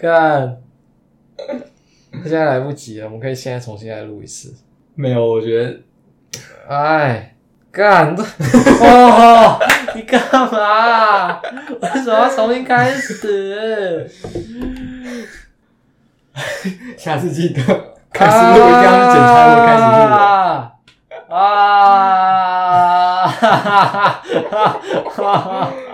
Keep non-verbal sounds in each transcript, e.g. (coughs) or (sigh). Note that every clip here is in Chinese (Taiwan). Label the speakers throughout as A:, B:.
A: 看 (laughs) 現在來不及了，我們可以現在重新再錄一次。沒有，我覺得，哎，幹、 (laughs) 哦，你幹嘛？為 (laughs) 什麼要重新開始？ (laughs) 下次
B: 記得開始錄，一定要去檢查我的開始錄、啊。啊！哈哈哈
C: 哈哈哈！啊啊啊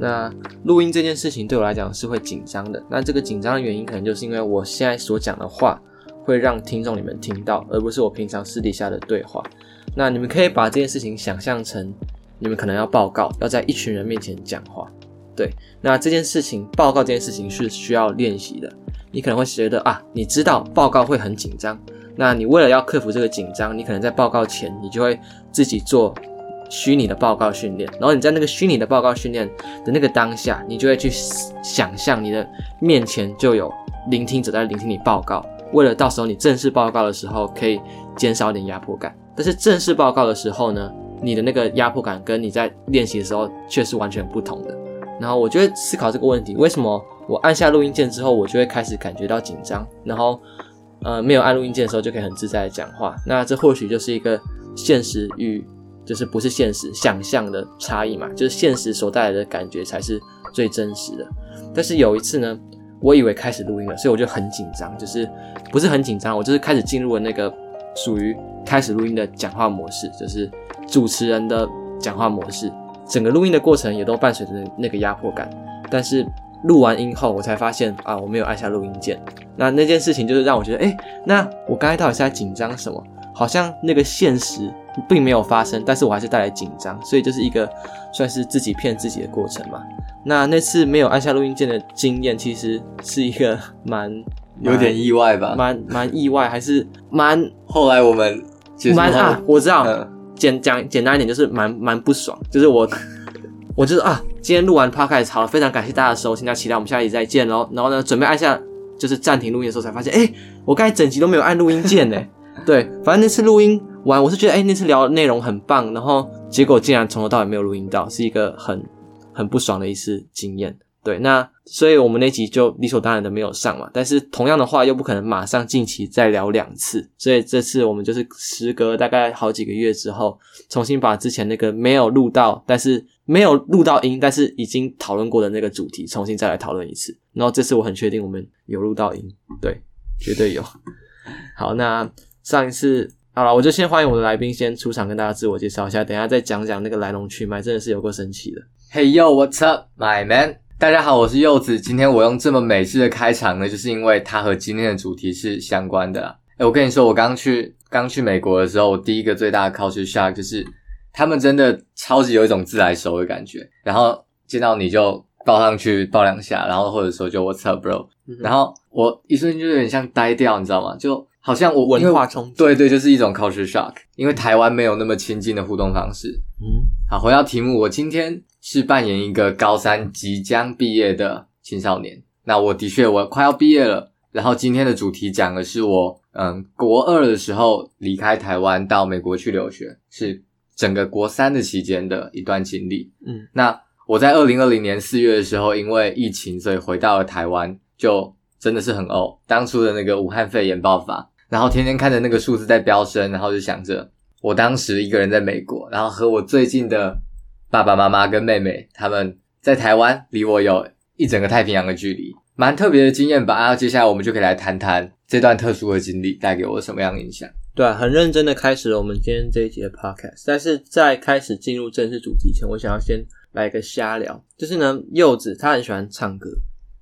A: 那錄音這件事情對我來講是會緊張的。那這個緊張的原因可能就是因為我現在所講的話會讓聽眾你們聽到，而不是我平常私底下的對話。那你們可以把這件事情想象成你們可能要報告，要在一群人面前講話。對，那這件事情報告這件事情是需要練習的。你可能會覺得啊，你知道報告會很緊張。那你為了要克服這個緊張，你可能在報告前你就會自己做。虛擬的報告訓練，然後你在那個虛擬的報告訓練的那個當下，你就會去想象你的面前就有聆聽者在聆聽你報告，為了到時候你正式報告的時候可以減少點壓迫感。但是正式報告的時候呢，你的那個壓迫感跟你在練習的時候卻是完全不同的。然後我就會思考這個問題，為什麼我按下錄音鍵之後，我就會開始感覺到緊張，然後呃沒有按錄音鍵的時候就可以很自在的講話，那這或許就是一個現實與。就是不是現實想象的差異嘛？就是現實所帶來的感覺才是最真實的。但是有一次呢，我以為開始錄音了，所以我就很緊張，就是不是很緊張，我就是開始進入了那個屬於開始錄音的講話模式，就是主持人的講話模式。整個錄音的過程也都伴隨着那個壓迫感。但是錄完音後，我才發現啊，我沒有按下錄音鍵。那那件事情就是讓我覺得，誒、欸，那我剛才到底是在緊張什麼？好像那個現實。並沒有發生，但是我還是帶來緊張，所以就是一個算是自己騙自己的過程嘛。那那次沒有按下錄音鍵的經驗，其實是一個蠻有點意外吧，蠻蠻意外，還是蠻…… (laughs) 後來我們其實蠻蠻啊，我知道，簡講、嗯、簡單一點就是蠻蠻不爽，就是我，我就是啊，今天錄完 Podcast 好了，非常感謝大家的收聽，期待我們下集再見。然後，然後呢，準備按下就是暫停錄音的時候，才發現，哎、欸，我剛才整集都沒有按錄音鍵呢、欸。 (laughs) 對，反正那次錄音。完，我是覺得，哎，那次聊的內容很棒，然後結果竟然從頭到尾沒有錄音到，是一個很很不爽的一次經驗。對，那所以我們那集就理所當然的沒有上嘛。但是同樣的話，又不可能馬上近期再聊兩次，所以這次我們就是時隔大概好幾個月之後，重新把之前那個沒有錄到，但是沒有錄到音，但是已經討論過的那個主題，重新再來討論一次。然後這次我很確定我們有錄到音，對，絕對有。 (laughs) 好，那上一次。好啦，我就先歡迎我的來賓先出場，跟大家自我介紹一下，等一下再講講那個來龍去脈，真的是有夠神奇的。
B: Hey yo，what's up，my man？大家好，我是柚子。今天我用這麼美式的開場呢，就是因為它和今天的主題是相關的啦。誒、欸、我跟你說，我剛去剛去美國的時候，我第一個最大的 culture shock 就是他們真的超級有一種自來熟的感覺，然後見到你就抱上去抱兩下，然後或者說就 what's up bro，、嗯、哼然後我一瞬間就有點像呆掉，你知道嗎？就。好像我文化衝擊，對，對對，就是一種 culture shock，嗯，因為台灣沒有那麼親近的互動方式。嗯，好，回到題目，我今天是扮演一個高三即將畢業的青少年。那我的確，我快要畢業了。然後今天的主題講的是我，嗯，國二的時候離開台灣到美國去留學，是整個國三的期間的一段經歷。嗯，那我在二零二零年四月的時候，因為疫情，所以回到了台灣，就真的是很歐，當初的那個武漢肺炎爆發。然後天天看着那個數字在飆升，然後就想着我當時一個人在美國，然後和我最近的爸爸媽媽跟妹妹他們在台灣，離我有一整個太平洋的距離，蠻特別的經驗吧。啊，然後接下來我們就可以來談談這段特殊的經歷帶給我什麼樣的影響。對
A: 啊，很認真的開始了我們今天這一集的 podcast。但是在開始進入正式主題前，我想要先來一個瞎聊。就是呢，柚子他很喜歡唱歌，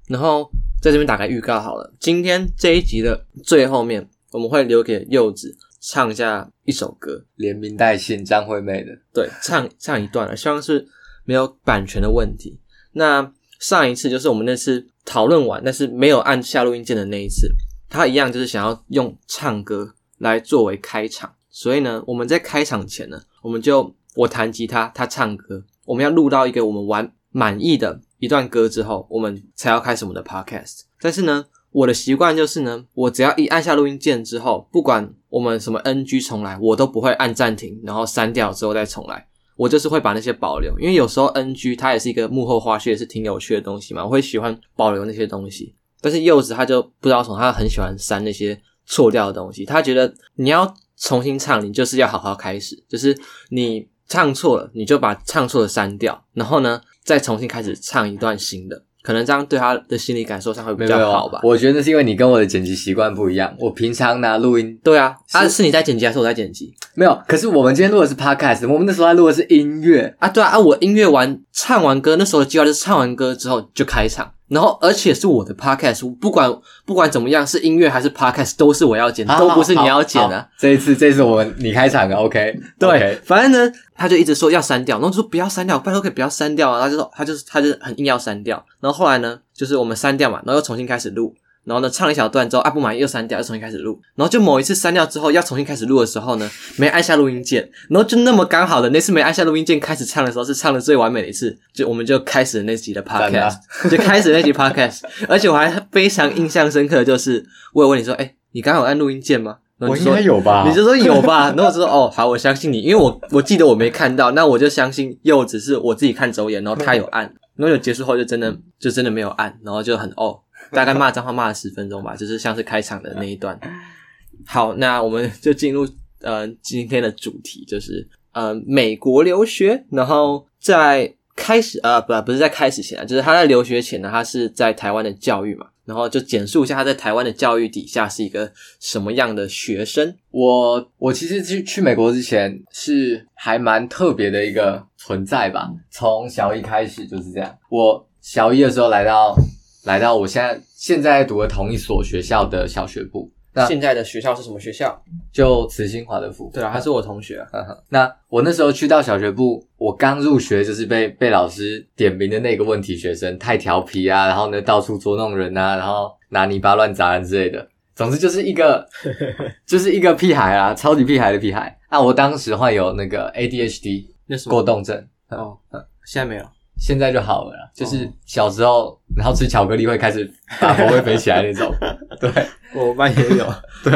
A: 然後在這邊打個預告好了，今天這一集的最後面。我們會留給柚子唱一下一首歌，連名帶姓張惠妹的，對，唱唱一段，希望是沒有版權的問題。那上一次就是我們那次討論完，但是沒有按下錄音鍵的那一次，他一樣就是想要用唱歌來作為開場。所以呢，我們在開場前呢，我們就我彈吉他，他唱歌，我們要錄到一個我們完滿意的一段歌之後，我們才要開始我們的 podcast。但是呢。我的習慣就是呢，我只要一按下錄音鍵之後，不管我們什麼 NG 重來，我都不會按暫停，然後刪掉之後再重來。我就是會把那些保留，因為有時候 NG 它也是一個幕後花絮，也是挺有趣的東西嘛，我會喜歡保留那些東西。但是柚子他就不知道從，他很喜歡刪那些錯掉的東西，他覺得你要重新唱，你就是要好好開始，就是你唱錯了，你就把唱錯了刪掉，然後呢再重新開始唱一段新的。可能這樣對他的心理感受上會比較好吧。沒有沒有。
B: 我覺得那是因為你跟我的剪輯習慣不一樣。我平常拿錄音。對啊，是啊，是你在剪輯還是我在剪輯？沒有，可是我們今天錄的是 podcast，我們那時候在錄的是音樂啊。對啊，啊，我
A: 音樂完唱完歌，那時候的計劃就是唱完歌之後就開唱。然後，而且是我的 podcast，不管不管怎麼樣，是音樂還是 podcast，都是我要剪，啊、都不是你要剪的、啊。這一次，這一次我們你開場啊，OK？對，okay。反正呢，他就一直說要刪掉，然後就說不要刪掉，不然都可以不要刪掉啊。他就說，他就是他就很硬要刪掉。然後後來呢，就是我們刪掉嘛，然後又重新開始錄。然後呢，唱一小段之後啊，不滿意又刪掉，又重新開始錄。然後就某一次刪掉之後要重新開始錄的時候呢，沒按下錄音鍵。然後就那麼剛好的那次沒按下錄音鍵開始唱的時候，是唱的最完美的一次。就我們就開始了那集的 podcast，就開始了那集 podcast。而且我還非常印象深刻，就是我有問你說：“哎，你剛剛有按錄音鍵嗎？”我應該有吧？你就說有吧。然後我就說：“哦，好，我相信你，因為我我記得我沒看到，那我就相信又只是我自己看走眼，然後他有按。然後有結束後就真的就真的沒有按，然後就很哦。”大概罵髒話罵了十分鐘吧，就是像是開場的那一段。好，那我們就進入呃今天的主題，就是呃美國留學。然後在開始呃，不，不是在開始前啊，就是他在留學前呢，他是在台灣的教育嘛。然
B: 後就簡述一下他在台灣的教育底下是一個什麼樣的學生。我我其實去去美國之前是還蠻特別的一個存在吧。從小一開始就是這樣。我小一的時候來到。來到我現在現在讀的同一所學校的小學部。那現在的學校是什麼學校？就慈心華德福。對啊，他是我同學。啊。呵呵，那我那時候去到小學部，我剛入學就是被被老師點名的那個問題學生，太調皮啊，然後呢到處捉弄人啊，然後拿泥巴亂砸人之類的。總之就是一個呵呵 (laughs) 就是一個屁孩啊，超級屁孩的屁孩。啊，我當時患有那個 ADHD，那什麼過動症。
C: 嗯、
B: 哦，現在沒有。現在就好了啦，就是小時候，oh. 然後吃巧克力會開始大頭會肥起來那種。 (laughs) 對，我們班也有。 (laughs) 對，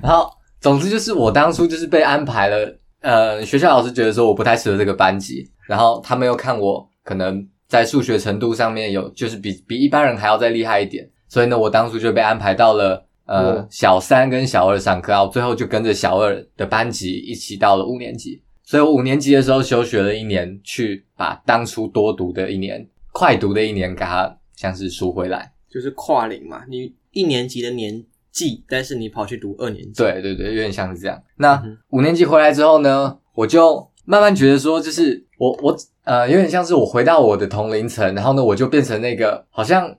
B: 然後總之就是我當初就是被安排了，呃，學校老師覺得說我不太適合這個班級，然後他們又看我可能在數學程度上面有，就是比比一般人還要再厲害一點，所以呢，我當初就被安排到了呃、oh. 小三跟小二上課，然後最後就跟着小二的班級一起到了五年級。所以我五年級的時候休學了一年，去把當初多讀的一年、快讀的一年給它，像是贖回來，就是跨齡嘛。你一年級的年紀，但是你跑去讀二年級，對對對，有點像是這樣。那五年級回來之後呢，我就慢慢覺得說，就是我我呃，有點像是我回到我的同齡層，然後呢，我就變成那個好像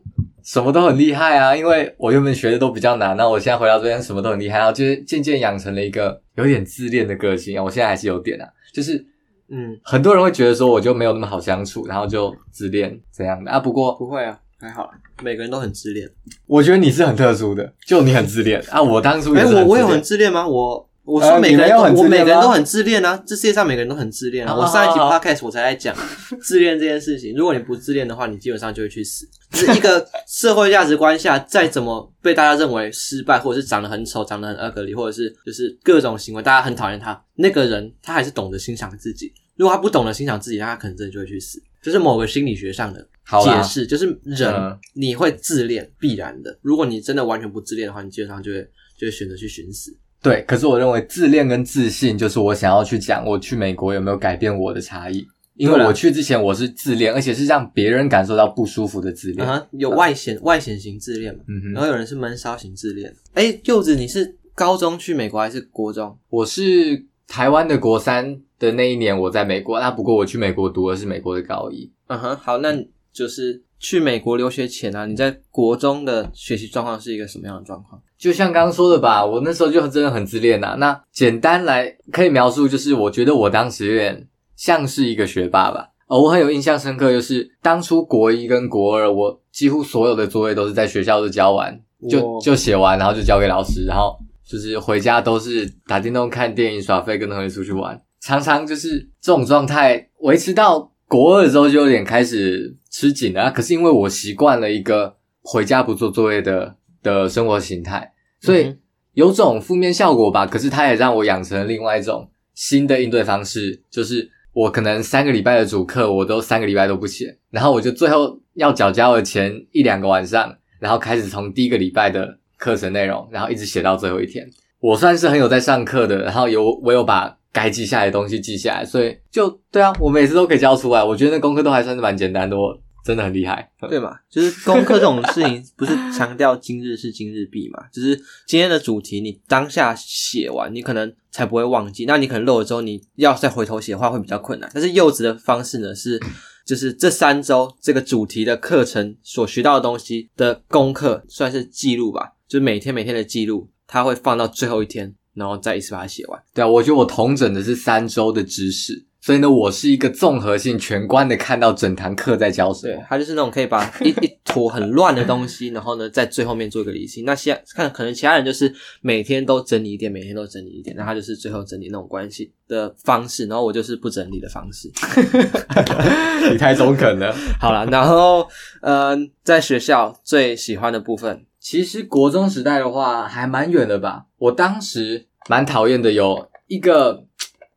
B: 什麼都很厲害啊，因為我原本學的都比較難，那我現在回到這邊什麼都很厲害，然後就是漸漸養成了一個有點自戀的個性啊，我現在還是有點啊。
C: 就是，嗯，
B: 很多人會覺得說我就沒有那麼好相處，然後就自戀這樣的啊。不過不會啊，還好，每個人都很自戀。我覺得你是很特殊的，就你很自戀 (laughs) 啊。我當初也是，哎、欸，我我有很
A: 自戀嗎？我。我說每個人都，呃、很自我，每個人都很自戀啊！這世界上每個人都很自戀啊！好好好，我上一期 Podcast 我才在講自戀這件事情。如果你不自戀的話，你基本上就會去死。就是一個社會價值觀下， (laughs) 再怎麼被大家認為失敗，或者是長得很醜、長得很 ugly，或者是就是各種行為，大家很討厭他，那個人他還是懂得欣賞自己。如果他不懂得欣賞自己，他可能真的就會去死。就是某個心理學上的解釋，啦就是人、嗯、你會自戀必然的。如果你真的完全不自戀的話，你基本上就會就會選擇去尋死。對，可是
B: 我認為自戀跟自信，就是我想要去講，我去美國有沒有改變我的差異？因為我去之前我是自戀，而且是讓別人感受到不舒服的自戀，嗯、
A: 有外顯對外顯型自戀嘛，
B: 嗯、哼然後有人是悶騷型自戀。哎，柚子，你是高中去美國還是國中？我是台灣的國三的那一年我在美國，那不過我去美國讀的是美國的高一。嗯哼，好，那就是去美國留學前啊，你在國中的學習狀況是一個什麼樣的狀況？就像剛剛說的吧，我那時候就真的很自戀吶、啊。那簡單來可以描述，就是我覺得我當時有點像是一個學霸吧。而、哦、我很有印象深刻，就是當初國一跟國二，我幾乎所有的作業都是在學校都交完，就就寫完，然後就交給老師，然後就是回家都是打電動、看電影、耍廢跟同學出去玩，常常就是這種狀態維持到國二的時候就有點開始吃緊了、啊。可是因為我習慣了一個回家不做作業的。的生活形態，所以有種負面效果吧。嗯、哼可是它也讓我養成了另外一種新的應對方式，就是我可能三個禮拜的主課，我都三個禮拜都不寫，然後我就最後要繳交的前一兩個晚上，然後開始從第一個禮拜的課程內容，然後一直寫到最後一天。我算是很有在上課的，然後有我有把該記下來的東西記下來，所以就對啊，我每次都可以交出來。我覺得那功課都還算是蠻簡單的。我真的很厲害，對嘛？就是功課這種事情，不是強
A: 調今日事今日畢嘛？ (laughs) 就是今天的主題，你當下寫完，你可能才不會忘記。那你可能漏了之後，你要再回頭寫的話，會比較困難。但是柚子的方式呢，是就是這三周這個主題的課程所學到的東西的功課，算
B: 是記錄吧？就是每天每天的記錄，它會放到最後一天，然後再一次把它寫完。對啊，我覺得我統整的是三周的知識。所以呢，我是一個綜合性全觀的，看到整堂課在教什麼，對，他就是那種可以把一一坨很亂的東西， (laughs) 然後呢，在
A: 最後面做一個理清。那現看，可能其他人就是每天都整理一點，每天都整理一點，那他就是最後整理那種關係的方式，然後我就是不整理的方式。 (laughs)
B: 你太中肯了。 (laughs) 好了，然後嗯，呃，在學校最喜歡的部分，其實國中時代的話還蠻遠的吧。我當時蠻討厭的，有一個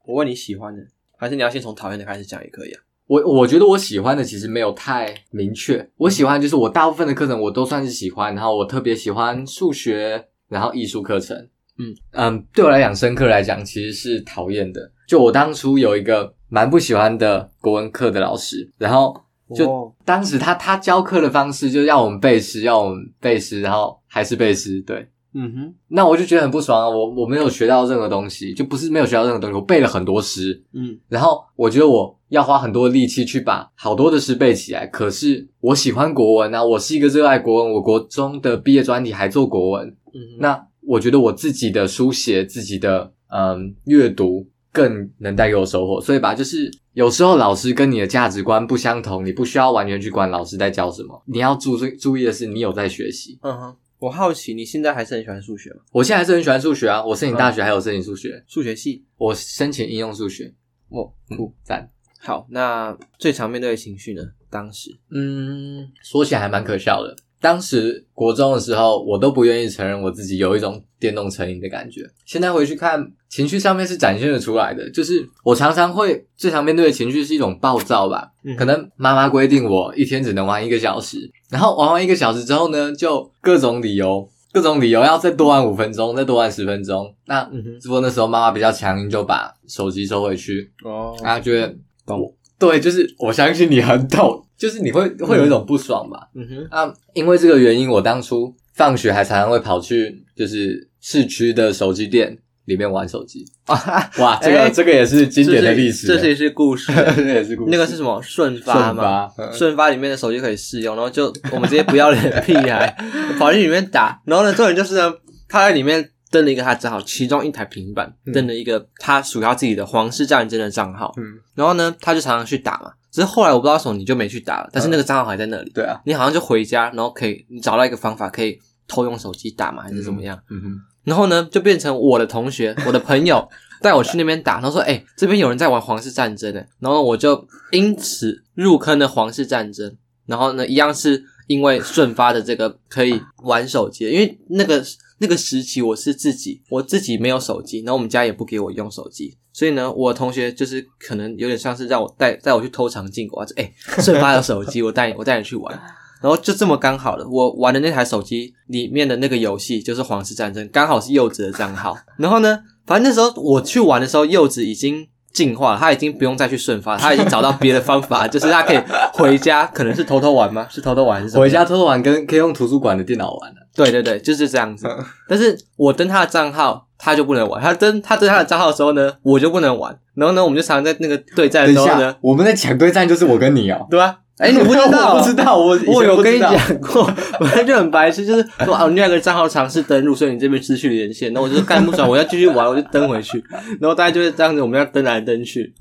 B: 我問你喜歡的。還是你要先從討厭的開始講也可以啊？我我覺得我喜歡的其實沒有太明確，我喜歡就是我大部分的課程我都算是喜歡，然後我特別喜歡數學，然後藝術課程。嗯嗯，對我來講，深刻來講其實是討厭的。就我當初有一個蠻不喜歡的國文課的老師，然後就當時他他教課的方式就是要我們背詩，要我們背詩，然後還是背詩，對。嗯哼，那我就覺得很不爽啊！我我沒有學到任何東西，就不是沒有學到任何東西，我背了很多詩，嗯，然後我覺得我要花很多力氣去把好多的詩背起來。可是我喜歡國文吶，我是一個熱愛國文，我國中的畢業專題還做國文，嗯哼，那我覺得我自己的書寫、自己的嗯閱讀更能帶給我收穫。所以吧，就是有時候老師跟你的價值觀不相同，你不需要完全去管老師在教什麼，你要注注意的是你有在學習，嗯哼。我
A: 好奇你現在還是很喜歡數學
B: 嗎？我現在還是很喜歡數學啊！我申請大學，還有申請數學，哦，數學系，我申請應用數學，哇，不讚！好，那最常面對的情緒呢？當時，
C: 嗯，
B: 說起來還蠻可笑的。當時國中的時候，我都不願意承認我自己有一種電動成癮的感覺。現在回去看，情緒上面是展現了出來的。就是我常常會最常面對的情緒是一種暴躁吧。嗯、可能媽媽規定我一天只能玩一個小時，然後玩完一個小時之後呢，就各種理由，各種理由要再多玩五分鐘，再多玩十分鐘。那、嗯哼、只不過那時候媽媽比較強硬，就把手機收回去。哦，啊，覺得懂我，對，就是我相信你很懂。就是你會會有一種不爽吧？嗯，嗯哼啊，因為這個原因，我當初放學還常常會跑去就是市區的手機店裡面玩手機
C: 啊！
A: 哇，這個、欸、這個也是經典的歷史這，這是一些故事，那 (laughs) 也是故事。那個是什麼？順發嘛。順發，順發裡面的手機可以試用，然後就我們這些不要臉的屁孩跑去裡面打。然後呢，重點就是呢，他在裡面登了一個他賬號，其中一台平板、嗯、登了一個他屬於他自己的皇室戰爭的賬號。嗯，然後呢，他就常常去打嘛。只是後來我不知道什麼你就沒去打了，但是那個賬號還在那裡。啊對啊，你好像就回家，然後可以你找到一個方法可以偷用手機打嘛，還是怎麼樣？嗯哼。嗯哼，然後呢，就變成我的同學、我的朋友 (laughs) 帶我去那邊打，然後說：“哎、欸，這邊有人在玩皇室戰爭的。”然後我就因此入坑了皇室戰爭。然後呢，一樣是因為順發的這個可以玩手機的，因為那個。那個時期我是自己，我自己沒有手機，然後我們家也不給我用手機，所以呢，我同學就是可能有點像是讓我帶帶我去偷嘗禁果啊就，哎、欸、順發有手機我帶你我帶你去玩，然後就這麼剛好的，我玩的那台手機裡面的那個遊戲就是《皇室戰爭》，剛好是柚子的賬號。然後呢，反正那時候我去玩的時候，柚子已經進化了，他已經不用再去順發了，他已經找到別的方法， (laughs) 就是他可以回家，可能是偷偷玩嗎？是偷偷玩？是什麼？回家偷偷玩跟可以用圖書館的電腦玩。對對對，就是這樣子。但是我登他的賬號，他就不能玩；他登他登他的賬號的時候呢，我就不能玩。然後呢，我們就常常在那個對戰的時候呢，欸、
B: 我們在搶對戰，就是我跟你哦、喔，對
A: 啊。哎、欸，你不知道？我不知道我我有也 跟你講過，反正過 (laughs) 就很白痴，就是說，哇，另外一個帳號嘗試登錄，所以你這邊失去了連線。那我就幹不爽，我要繼續玩，我就登回去。然後大家就是這樣子，我們要登來登去。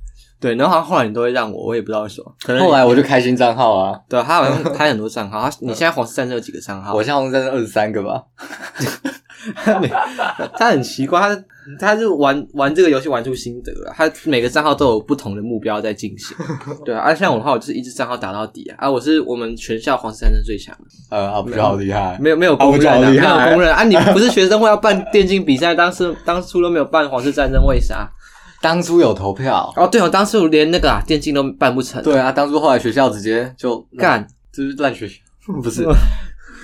A: 對，然後好像後來你都會讓我，我也不知道為什麼。後來我就開新賬號啊。對，他好像開很多賬號。 (laughs) 他你現在《皇室戰爭》有幾個賬號？我現在《皇室戰爭》二十三個吧。他很奇怪，他他是玩玩這個遊戲玩出心得了。他每個賬號都有不同的目標在進行。 (laughs) 對啊，像我的話，我就是一只賬號打到底啊，啊。我是我們全校《皇室戰爭》最強。呃、嗯啊，不就好厲害，沒有沒有公認，沒有公認啊！你不是學生會要辦電競比賽， (laughs) 當時當初都沒有辦《皇室戰爭》，為
B: 啥？當初有投票哦，對哦、啊，當初連那個電競都辦不成。對啊，當初後來學校直接就干、嗯，就是亂學不是、嗯、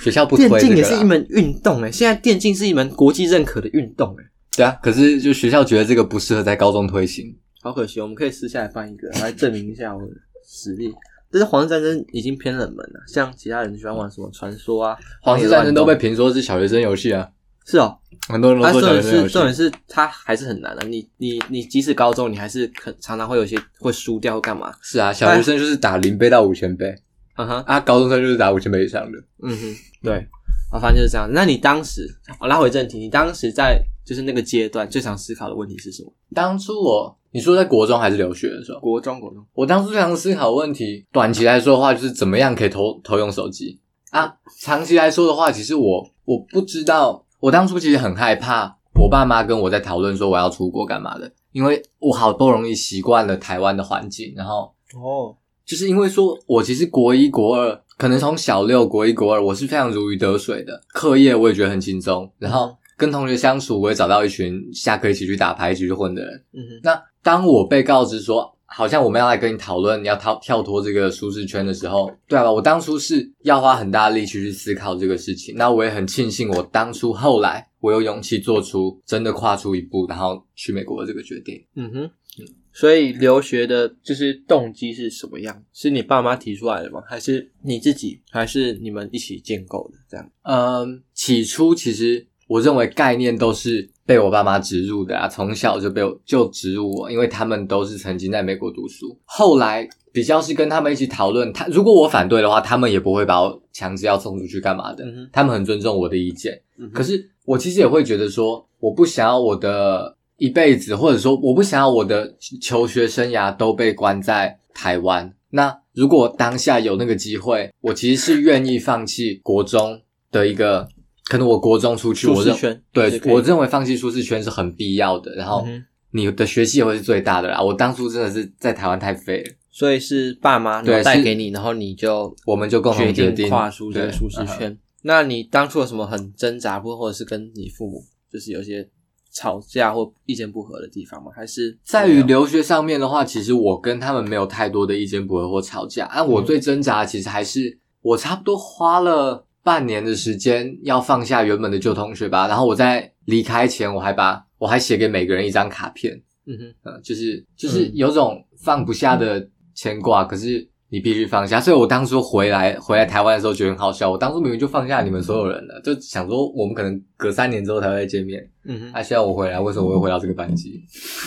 B: 學校不推電競也是一門運動誒、欸、現在電競是一門國際認可的運動誒、欸、對啊，可是就學校覺得這個不適合在高中推行，
A: 好可惜。我們可以私下來辦一個來證明一下我的實力。 (laughs) 但是皇室戰爭已經偏冷門了，像其他人喜歡玩什麼、哦、傳說啊，皇室戰爭都被評
B: 說是小學生遊戲啊。是哦，很多人他重點是重點是
A: 他還是很難的、啊。你你你，你即使高中，你還是可常常會有些會輸掉或幹嘛。是啊，小學生
B: 就是打零倍到五千倍。嗯哼，啊，啊嗯、高中生就是打五千倍以上的，
C: 嗯哼，對，
A: 啊、哦，反正就是這樣。那你當時，我、哦、拉回正題，你當時在就是那個階段最常思考的問題是什麼？
B: 當初我你說在國中還是留學的時候？國中國中，國中我當初最常思考的問題，短期來說的話就是怎麼樣可以偷偷用手機啊？嗯、長期來說的話，其實我我不知道。我當初其實很害怕，我爸媽跟我在討論說我要出國幹嘛的，因為我好不容易習慣了台灣的環境，然後
C: 哦，就是因為
B: 說，我其實國一國二可能從小六國一國二，我是非常如魚得水的，課業我也覺得很輕鬆，然後跟同學相處，我也找到一群下課一起去打牌、一起去混的
C: 人。嗯哼，那
B: 當我被告知說，好像我們要來跟你討論你要跳跳脫這個舒適圈的時候，對吧？我當初是要花很大力氣去思考這個事情，那我也很慶幸我當初後來我有勇氣做出真的跨出一步，然後去美國的這個決定。嗯哼，嗯，所以留學的就是動機是什麼樣？是你爸媽提出來的嗎？還是你自己？還是你們一起建構的這樣？嗯，起初其實我認為概念都是。被我爸媽植入的啊，從小就被我就植入我，因為他們都是曾經在美國讀書，後來比較是跟他們一起討論。他如果我反對的話，他們也不會把我強制要送出去幹嘛的，嗯、哼他們很尊重我的意見。嗯、哼可是我其實也會覺得說，我不想要我的一輩子，或者說我不想要我的求學生涯都被關在台灣。那如果當下有那個機會，我其實是願意放棄國中的一個。可能我國中出去，圈，我認為對是我認為放棄舒適圈是很必要的。然後你的學習也會是最大的啦。嗯、哼我當初真的是在台灣太廢了，所以是爸媽對，帶給你，是然後你就我們就共同決定跨出這個舒適圈。嗯、那你當初有什麼
A: 很掙扎，或或者是跟你父母就是有些吵架或意見不合的地方嗎？還是有有
B: 在於留學上面的話，其實我跟他們沒有太多的意見不合或吵架。按、啊、我最掙扎，其實還是我差不多花了。半年的時間要放下原本的舊同學吧，然後我在離開前我，我還把我還寫給每個人一張卡片，嗯
C: 哼，
B: 啊、就是就是有種放不下的牽掛，嗯、哼可是你必須放下。所以，我當初回來回來台灣的時候，覺得很好笑。我當初明明就放下你們所有人了，嗯、哼就想說我們可能隔三年之後才會再見面，嗯哼，還需要我回來？為什麼我會回到這個班級？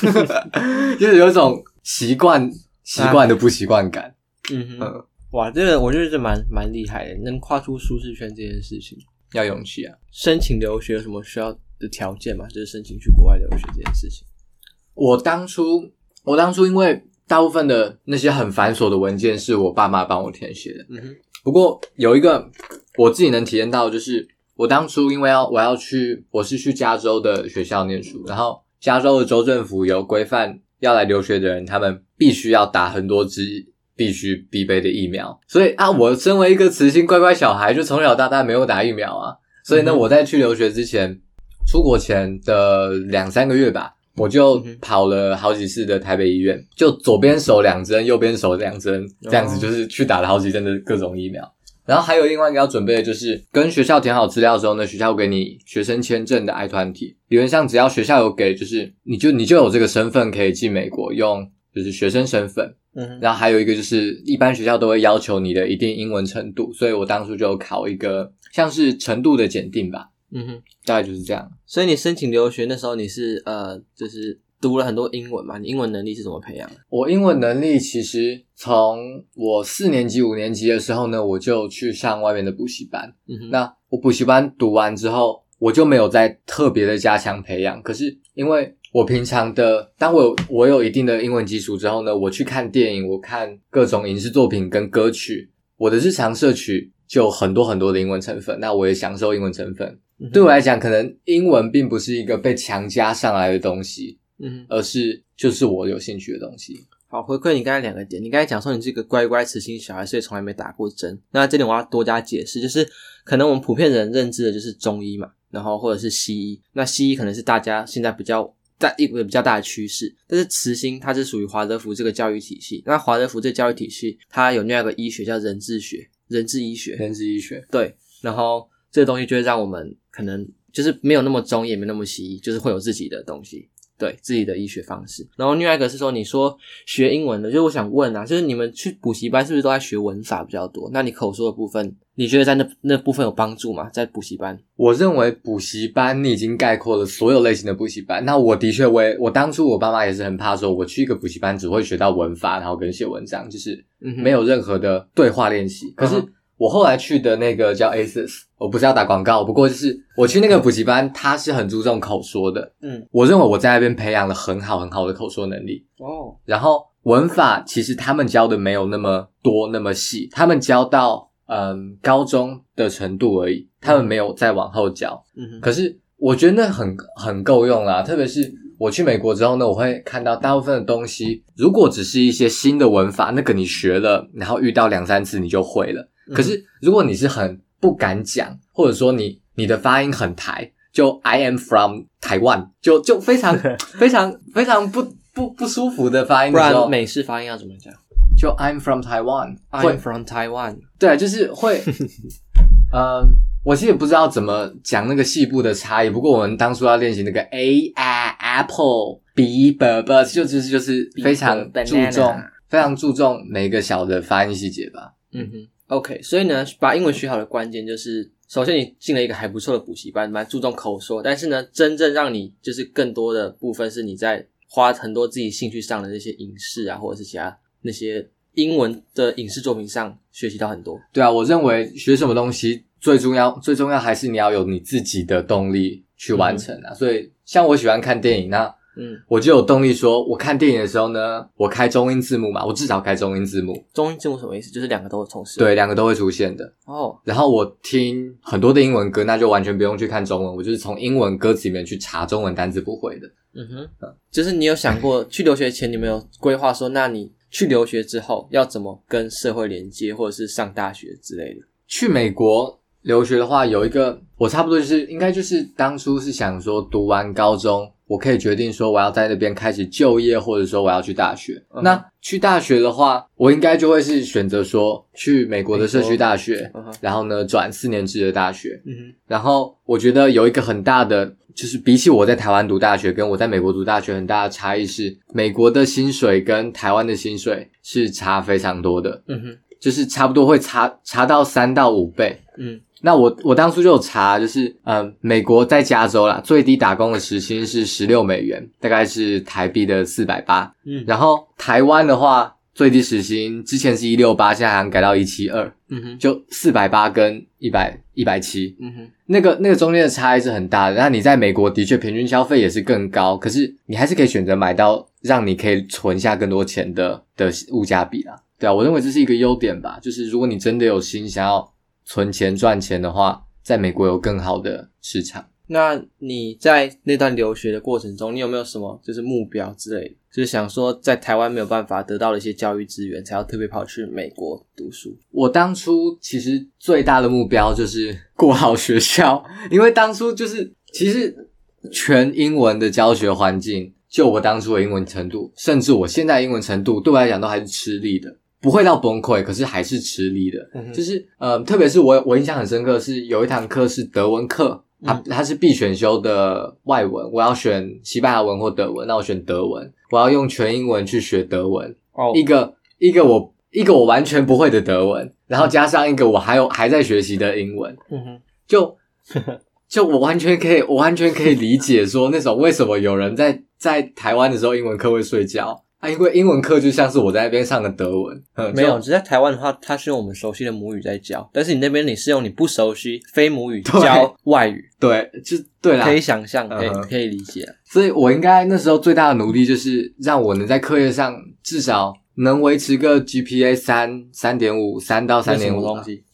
B: 嗯、哼 (laughs) 就是有一種習慣習慣的不習慣感，嗯哼。嗯
C: 哼
A: 哇，這個我覺得這蠻蠻厲害的，能跨出舒適圈這件事情要勇氣啊！申請留學有什麼需要的條件嗎？就是申請去國外留學這件事情。
B: 我當初，我當初因為大部分的那些很繁瑣的文件是我爸媽幫我填寫的。嗯哼。不過有一個我自己能體驗到，就是我當初因為要我要去，我是去加州的學校念書，然後加州的州政府有規範，要來留學的人他們必須要打很多題。必須必備的疫苗，所以啊，我身為一個磁性乖乖小孩，就從小到大沒有打疫苗啊。所以呢，我在去留學之前，出國前的兩三個月吧，我就跑了好幾次的台北醫院，就左邊手兩針，右邊手兩針，這樣子就是去打了好幾針的各種疫苗。然後還有另外一個要準備的就是，跟學校填好資料之後呢，學校會給你學生簽證的 I-20，比如像只要學校有給，就是你就你就有這個身份可以進美國用，就是學生身份。嗯，然後還有一個就是，一般學校，都會要求你的一定英文程度，所以我當初就考一個像是程度的檢定吧。嗯哼，大概就是這樣。所以你申請留學那時候，你是呃，就是讀了很多英文嗎？你英文能力是怎麼培養？我英文能力其實從我四年級、五年級的時候呢，我就去上外面的補習班。嗯哼，那我補習班讀完之後，我就沒有再特別的加強培養。可是因為我平常的，當我有我有一定的英文基礎之後呢，我去看電影，我看各種影視作品跟歌曲，我的日常攝取就很多很多的英文成分。那我也享受英文成分。嗯、哼對我來講，可能英文並不是一個被強加上來的東西，嗯哼，而是就是我有興趣的東西。好，回饋你剛才兩個點，你剛才講說你這個乖乖痴心
A: 小孩，所以從來沒打過針。那這裡我要多加解釋，就是可能我們普遍的人認知的就是中醫嘛，然後或者是西醫，那西醫可能是大家現在比較。在一個比較大的趨勢，但是慈心它是屬於華德福這個教育體系。那華德福這個教育體系，它有另外一個醫學叫人智學，人智醫學，人智醫學。對，然後這個東西就會讓我們可能就是沒有那麼中，也沒有那麼西醫，就是會有自己的東西，對自己的醫學方式。然後另外一個是說，你說學英文的，就是我想問啊，就是你們去補習班是不是都在學
B: 文法比較多？那你口說的部分？你覺得在那那部分有幫助嗎？在補習班，我認為補習班，你已經概括了所有類型的補習班。那我的確，我也我當初我爸媽也是很怕說我去一個補習班只會學到文法，然後跟寫文章，就是沒有任何的對話練習。嗯、哼可是我後來去的那個叫 ASIS，我不是要打廣告，不過就是我去那個補習班，他、嗯、是很注重口說的。嗯，我認為我在那邊培養了很好很好的口說能力。哦，然後文法其實他們教的沒有那麼多那麼細，他們教到，嗯，高中的程度而已，他們沒有再往後教。嗯哼，可是我覺得那很很夠用啦。特別是我去美國之後呢，我會看到大部分的東西，如果只是一些新的文法，那個你學了，然後遇到兩三次你就會了。嗯哼，可是如果你是很不敢講，或者說你你的發音很台，就 I am from 台灣，就就非常 (laughs) 非常非常
C: 不不不舒服的發音的。不然
B: 美式發音要怎麼講？就 I'm from Taiwan，I'm 會 from Taiwan。對，就是
C: 會，嗯 (laughs) 、
B: 呃，我其實也不知道怎麼講那個細部的差異。不過我們當初要練習那個 A a apple，B birds，就其實就是非常注重、B、非常注重每一個小的發音細節吧。嗯
C: 哼
A: ，OK。所以呢，把英文學好的關鍵就是，首先你進了一個還不錯的補習班，蠻注重口說。但是呢，真正讓你就是更多的部分是你在花很多自己興趣上的那些影視啊，或者是其他。那些英文的影視作品
B: 上學習到很多。對啊，我認為學什麼東西最重要，最重要還是你要有你自己的動力去完成啊。嗯、所以像我喜歡看電影，那
C: 嗯，
B: 我就有動力說，我看電影的時候呢，我開中英字幕嘛，我至少開中英字幕。中英字幕什麼意思？就是
A: 兩個都會同時。對，兩個
B: 都會出現的。哦。然後我聽很多的英文歌，那就完全不用去看中文，我就是從英文歌詞裡面去查中文單字不會的。
C: 嗯哼。
B: 嗯，就是你有
A: 想過去留學前，你有沒有規劃說，那你。去留學之後要怎麼跟社會連
B: 接，或者是上大學之類的？去美國留學的話，有一個我差不多就是應該就是當初是想說，讀完高中我可以決定說我要在那邊開始就業，或者說我要去大學。Uh huh. 那去大學的話，我應該就會是選擇說去美國的社區大學，然後呢轉四年制的大學。Uh huh. 然後我覺得有一個很大的。就是比起我在台灣讀大學跟我在美國讀大學很大的差異是，美國的薪水跟台灣的薪水是差非常多的，嗯哼，就是差不多會差差到三到五倍，嗯，那我我當初就有查，就是呃、嗯，美國在加州啦，最低打工的時薪是十六美元，大概是台幣的四百八，嗯，然後台灣的話。最低時薪之前是一六八，現在好像改到一七二，嗯哼，就四百八跟一百一百七，嗯哼，那個那個中間的差異是很大的。那你在美國的確平均消費也是更高，可是你還是可以選擇買到讓你可以存下更多錢的的物價比啦，對啊，我認為這是一個優點吧。就是如果你真的有心想要存錢賺錢的話，在美國有更好的市場。
A: 那你在那段留學的過程中，你有沒有什麼就是目標之類的，就是想說在台灣沒有辦法得到的一些教育資源，才要特別跑去美國讀
B: 書？我當初其實最大的目標就是過好學校，因為當初就是其實全英文的教學環境，就我當初的英文程度，甚至我現在英文程度，對我來講都還是吃力的，不會到崩潰，可是還是吃力的。
C: 嗯哼。就
B: 是呃，特別是我我印象很深刻的是有一堂課是德文課。它它是必選修的外文，我要選西班牙文或德文，那我選德文，我要用全英文去學德文，oh. 一個一個我一個我完全不會的德文，然後加上一個我還有還在學習的英文，mm hmm. 就就我完全可以，我完全可以理解說那時候為什麼有人在在台灣的時候英文課會睡覺。啊，因為英文課就像是我在那邊上個德文，沒有。只在台灣的話，它
A: 是用我們熟悉的母語在教，但是你那邊你是用你不熟悉非母語教外語，對，對，就對啦。可以想象，嗯、哼可以可以理解。
B: 所以我應該那時候最大的努力就是讓我能在課業上至少能維持個 GPA 三三點五，三到三點五。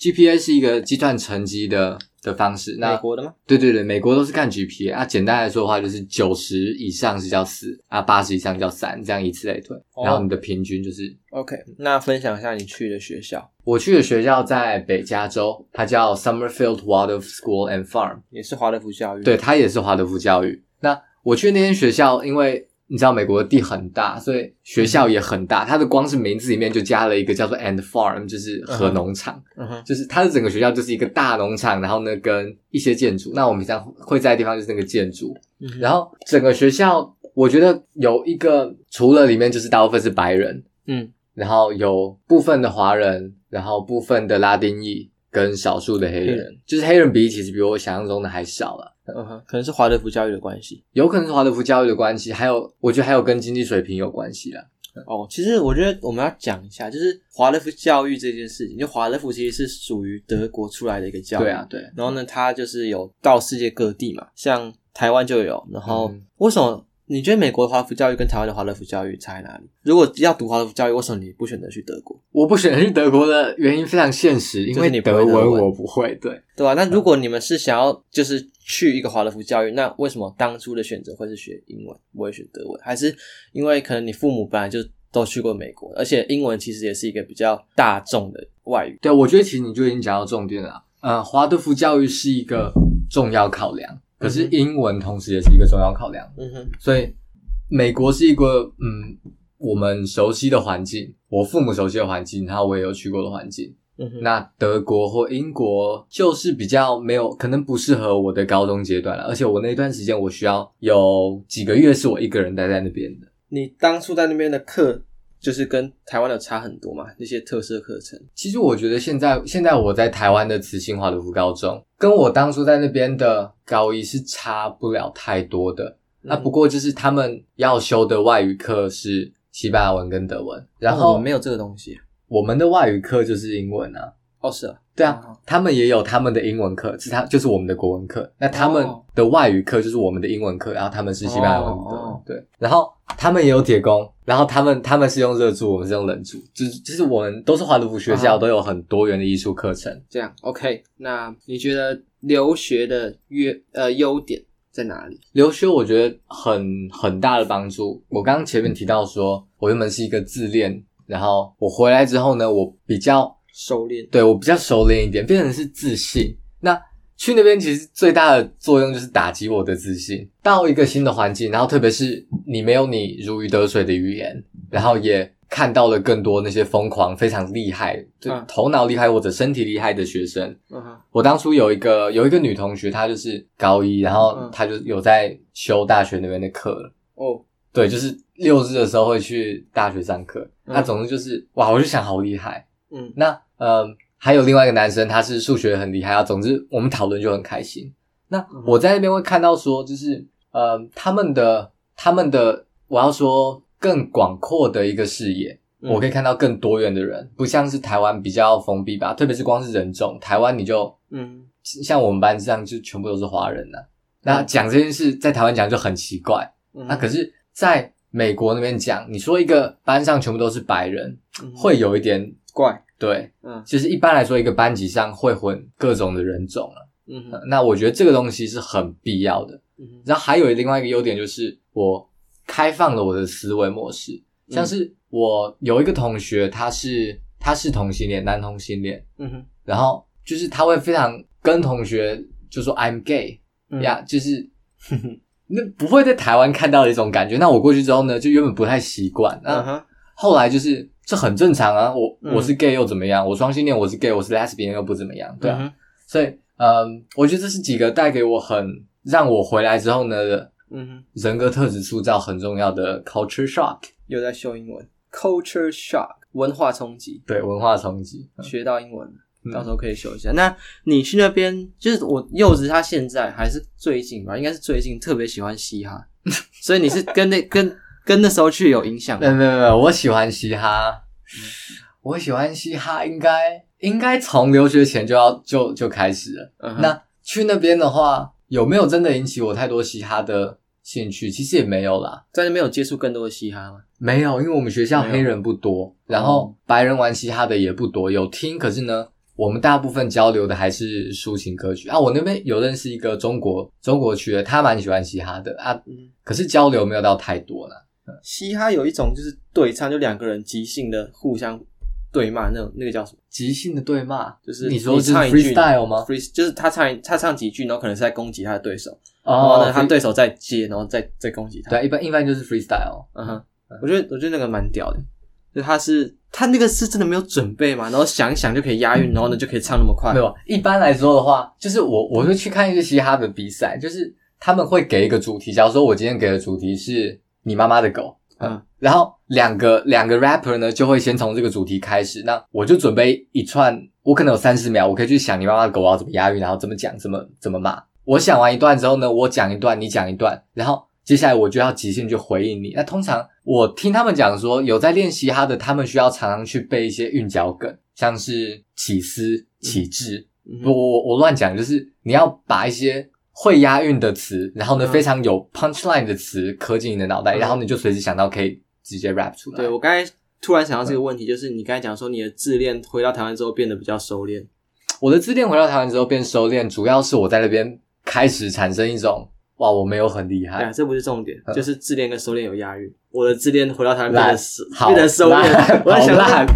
B: GPA 是一個計算成績的。的方式，那美國的嗎？對對對，美國都是看 GPA、哦、啊。簡單來說的話，就是九十以上是叫四啊，八十以上叫三，這樣以此類推。哦、然後你的平均就是 OK。那分享一下你去的學校，我去的學校在北加州，它叫 Summerfield Waldorf School and Farm，也是華德福教育。對，它也是華德福教育。那我去那間學校，因為。你知道美國的地很大，所以學校也很大。它的光是名字裡面就加了一個叫做 and farm，就是和農場，uh huh. 就是它的整個學校就是一個大農場。然後呢，跟一些建築。那我們平常會在的地方就是那個建築。Uh huh. 然後整個學校，我覺得有一個除了裡面就是大部分是白人，嗯、uh，huh. 然後有部分的華人，然後部分的拉丁裔，跟少數的黑人。Uh huh. 就是黑人比其實比我想象中的還少了，啊。嗯哼，可能是華德福教育的關係，有可能是華德福教育的關係，還有我覺得還有跟經
A: 濟水平有關係啦。嗯、哦，其實我覺得我們要講一下，就是華德福教育這件事情，就華德福其實是屬於德國出來的一個教育，對啊、嗯，對。然後呢，嗯、它就是有到世界各地嘛，像台灣就有，然後為什麼？你覺得美國的華德福教育跟台灣的華德福教育差在哪裡？如果要讀華德福教育，為什麼你不選擇去德國？
B: 我不選擇去德國的原因非常現實，因為、嗯就是、你不會德文，德文我不會，對
A: 對吧、啊？那如果你們是想要就是去一個華德福教育，那為什麼當初的選擇會是學英文，不會選德文？還是因為可能你父母本來就都去過美國，而且英文其實也是一個比較大眾的
B: 外語。對，我覺得其實你就已經講到重點了。嗯，華德福教育是一個重要考量。可是英文同時也是一個重要考
C: 量，嗯哼，
B: 所以美國是一個嗯我們熟悉的環境，我父母熟悉的環境，然後我也有去過的環境，嗯哼，那德國或英國就是比較沒有，可能不適合我的高中階段了，而且我那一段時間我需要有幾個月是我一個人待在那邊的。你當初在那邊的課。就是跟台灣的差很多嘛，那些特色課程。其實我覺得現在，現在我在台灣的慈心華德福高中，跟我當初在那邊的高一是差不了太多的。那、嗯啊、不過就是他們要修的外語課是西班牙文跟德文，然後我們沒有這個東西。我們的外語課就是英文啊。哦，是啊，對啊，嗯、他們也有他們的英文課，嗯、就是他就是我們的國文課，哦、那他們的外語課就是我們的英文課，哦、然後他們是西班牙文的，哦、對，然後他們也有鐵工，然後他們他們是用熱鑄，我們是用冷鑄，就就是我們都是華德福學校，哦、都有很多元的藝術課程，
A: 這樣 OK？那你覺得留學的約呃優點在哪裡？
B: 留學我覺得很很大的幫助。我剛剛前面提到說，嗯、我原本是一個自戀，然後我回來之後呢，我比較。熟練，對，我比較熟練一點，變成是自信。那去那邊其實最大的作用就是打擊我的自信。到一個新的環境，然後特別是你沒有你如魚得水的語言，然後也看到了更多那些瘋狂、非常厲害、就頭腦厲害或者身體厲害的學生。嗯、Uh-huh. 我當初有一個有一個女同學，她就是高一，然後她就有在修大學那邊的課了。哦、Uh-huh. 對，就是六日的時候會去大學上課。Uh-huh. 她總是就是哇，我就想好厲害。嗯、
C: Uh-huh. 那。
B: 嗯，還有另外一個男生，他是數學很厲害啊。總之，我們討論就很開心。那我在那邊會看到說，就是呃、嗯，他們的他們的，我要說更廣闊的一個視野，我可以看到更多元的人，嗯、不像是台灣比較封閉吧？特別是光是人種，台灣你就嗯，像我們班這樣就全部都是華人吶、啊。嗯、那講這件事在台灣講就很奇怪，
C: 那、嗯啊、可是，
B: 在。美國那邊講，你說一個班上全部都是白人，嗯、哼會有一點怪，對，嗯，其實一般來說一個班級上會混各種的人種
C: 了、啊，嗯哼、呃，那我覺得這
B: 個東西是很必要的。嗯、哼然後還有另外一個優點就是，我開放了我的思維模式，嗯、像是我有一個同學他，他是他是同性戀，男同性戀，嗯哼，然後就是他會非常跟同學就說 I'm gay 呀、嗯，就是呵呵。哼
C: 哼。那
B: 不會在台灣看到的一種感覺。那我過去之後呢，就原本不太習慣。那、啊 uh huh. 後來就是這很正常啊。我我是 gay 又怎麼樣？Uh huh. 我雙性戀，我是 gay，我是 lesbian 又不怎麼樣，對啊。Uh huh. 所以嗯，我覺得這是幾個帶給我很讓我回來之後呢，uh huh. 人格特質塑造很重要的 culture shock。
A: 又在秀英文，culture shock，文化衝擊，
B: 對，文化衝擊，嗯、
A: 學到英文。到時候可以修一下。那你去那邊，就是我柚子，他現在還是最近吧，應該是最近特別喜歡嘻哈， (laughs) 所以你是跟那跟跟那時候去
B: 有影響嗎？沒有沒有沒有， (noise) (noise) 我喜歡嘻哈，我喜歡嘻哈，應該應該從留學前就要就就開始了。嗯、那去那邊的話，有沒有真的引起我太多嘻哈的興趣？其實也沒有啦，在那邊有接觸更多的嘻哈嗎？沒有，因為我們學校黑人不多，有然後白人玩嘻哈的也不多，有聽，可是呢。我們大部分交流的還是抒情歌曲啊。我那邊有認識一個中國中國區的，他蠻喜歡嘻哈的啊。嗯、可是交流沒有到太多了。嗯、嘻哈有一種就是對唱，就兩個人即興的互相對罵那種，那個叫什麼？即興的對罵，就是你說是 freestyle 嗎
A: ？freestyle 就是他唱，他唱幾句，然後可能是在攻擊他的對手，哦、然後呢，他對手再接，然後再、哦、再攻擊他。對，一般一般就是 freestyle。嗯哼，我覺得我覺得那個蠻屌的。他是他那個是真的沒有準備嘛，然後想一想就
B: 可以押韻，然後呢就可以唱那麼快。沒有，一般來說的話，就是我我會去看一些嘻哈的比賽，就是他們會給一個主題，假如說我今天給的主題是你媽媽的狗，嗯，然後兩個兩個 rapper 呢就會先從這個主題開始，那我就準備一串，我可能有三十秒，我可以去想你媽媽的狗我要怎麼押韻，然後怎麼講，怎麼怎麼罵。我想完一段之後呢，我講一段，你講一段，然後。接下來我就要即興去回應你。那通常我聽他們講說，有在練嘻哈的，他們需要常常去背一些韻腳梗，像是起思、起智、嗯、我我我亂講，就是你要把一些會押韻的詞，然後呢、嗯、非常有 punchline 的詞刻進你的腦袋，嗯、然後你就隨時想到可以直接 rap 出來。對，
A: 我剛才突然想到這個問題，對就是你剛才講說你的自戀回到台灣之後
B: 變得比較收斂。我的自戀回到台灣之後變收斂，主要是我在那邊開始產生一種。哇，我沒有很厲害，啊，這不是重點，嗯、就是自戀跟收斂有押韻。我的自
A: 戀回到他那邊是，好的收斂，我爛，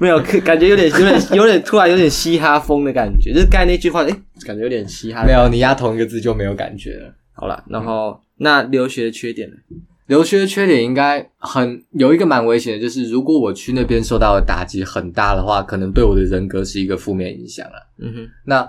B: 沒有，感覺有點有點
A: 有點突然有點嘻哈風的感覺，就是剛才那句話，欸，感覺有點嘻哈。沒有，你押同一個字就沒有感覺
B: 了。嗯、好了，然後
A: 那留學的缺點呢？
B: 留學的缺點應該很有一個蠻危險的，就是如果我去那邊受到的打擊很大的話，可能對我的人格是一個負面影響了。嗯哼，那。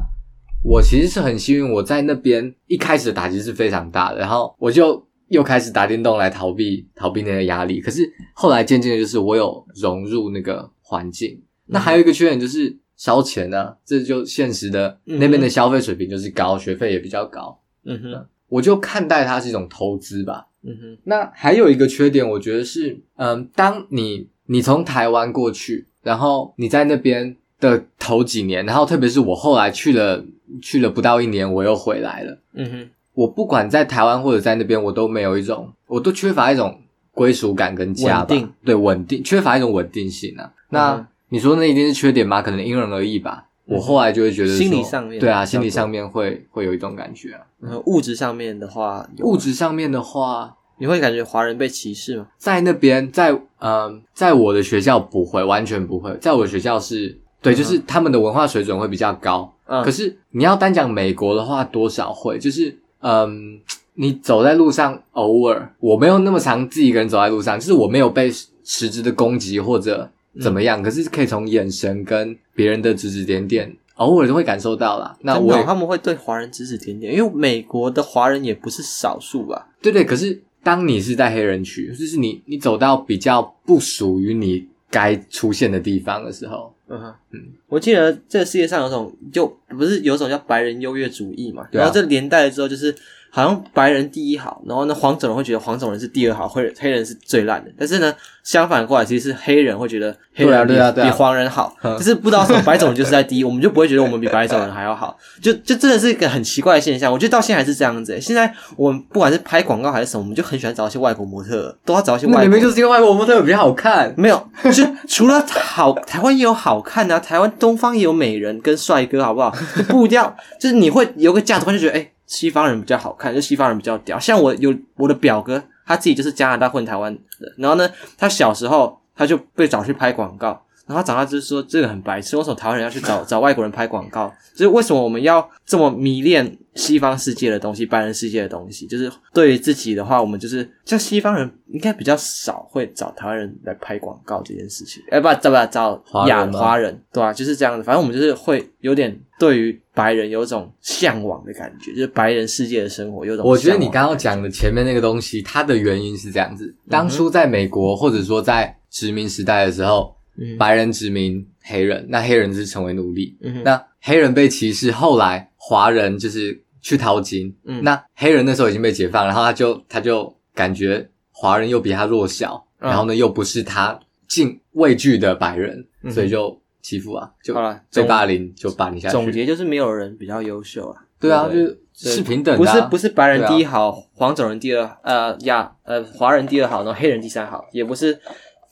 B: 我其實是很幸運，我在那邊一開始的打擊是非常大的。然後我就又開始打電動來逃避逃避那個壓力。可是後來漸漸的，就是我有融入那個環境。嗯哼。那還有一個缺點就是燒錢啊，這就現實的，嗯哼。那邊的消費水平就是高，學費也比較高。嗯哼。嗯，我就看待它是一種投資吧。嗯
C: 哼，那
B: 還有一個缺點，我覺得是嗯，當你你從台灣過去，然後你在那邊的頭幾年，然後特別是我後來去了。去了不到一年，我又回來
C: 了。嗯哼，
B: 我不管在台灣或者在那邊，我都沒有一種，我都缺乏一種歸屬感跟家吧？穩定，對，穩定，缺乏一種穩定性啊。那、嗯、哼你說那一定是缺點嗎？可能因人而異吧。嗯、哼我後來就會覺得說，心理上面、啊，對啊，心理上面會會有一種感覺啊。嗯、物質上面的話，物質上面的話，你會感覺華人被歧視嗎？在那邊，在嗯、呃，在我的學校不會，完全不會。在我的學校是。對，就是他們的文化水準會比較高。嗯，可是你要單講美國的話，多少會就是，嗯，你走在路上偶爾，我沒有那麼常自己一個人走在路上，就是我沒有被實質的攻擊或者怎麼樣，嗯，可是可以從眼神跟別人的指指點點，偶爾都會感受到啦。那我他們會對華人指指點點，因為美國的華人也不是少數吧？對對，可是當你是在黑人區，就是你你走到比較不屬於你該出現的地方的時候。嗯哼，uh huh.
A: 我記得這個世界上有種，就不是有種叫白人優越主義嘛，啊、然後這連帶了之後就是。好像白人第一好，然後呢，黃種人會覺得黃種人是第二好，黑人黑人是最爛的。但是呢，相反過來，其實是黑人會覺得黑人比、啊啊啊、比黃人好，就、嗯、是不知道什麼白種人就是在第一， (laughs) 我們就不會覺得我們比白種人還要好。就就真的是一個很奇怪的現象。我覺得到現在還是這樣子，欸。現在我們不管是拍廣告還是什麼，我們就很喜歡找一些外國模特，都要找一些。外國模特。你們就是因為外國模特比較好看， (laughs) 沒有就是除了好台灣也有好看的，啊，台灣東方也有美人跟帥哥，好不好？就步調 (laughs) 就是你會有個價值觀，就覺得哎。欸西方人比較好看，就西方人比較屌。像我有我的表哥，他自己就是加拿大混台灣的，然後呢，他小時候他就被找去拍廣告，然後長大就是說，這個很白癡。為什麼台灣人要去找找外國人拍廣告？ (laughs) 就是為什麼我們要這麼迷戀西方世界的東西、白人世界的東西？就是對於自己的話，我們就是像西方人應該比較少會找台灣人來拍廣告這件事情。哎，不找不找，養華人，人對吧、啊？就是這樣子。反正我們就是會有點對於白人有種嚮往的感覺，就是白人世界的生活有種。我覺得你
B: 剛剛講的前面那個東西，它的原因是這樣子：當初在美國，或者說在殖民時代的時候。嗯、白人殖民黑人，那黑人就是成為奴隸。嗯、哼那黑人被歧視，後來華人就是去淘金。嗯、那黑人那時候已經被解放，然後他就他就感覺華人又比他弱小，然後呢、嗯、又不是他敬畏懼的白人，嗯、哼所以就欺負啊，就被霸凌就霸凌下去。總結
A: 就是沒有人比較優秀啊。對啊，就是是平等的、啊，不是不是白人第一好，啊、黃種人第二，呃呀，yeah, 呃華人第二好，然後黑人第三好，也不是。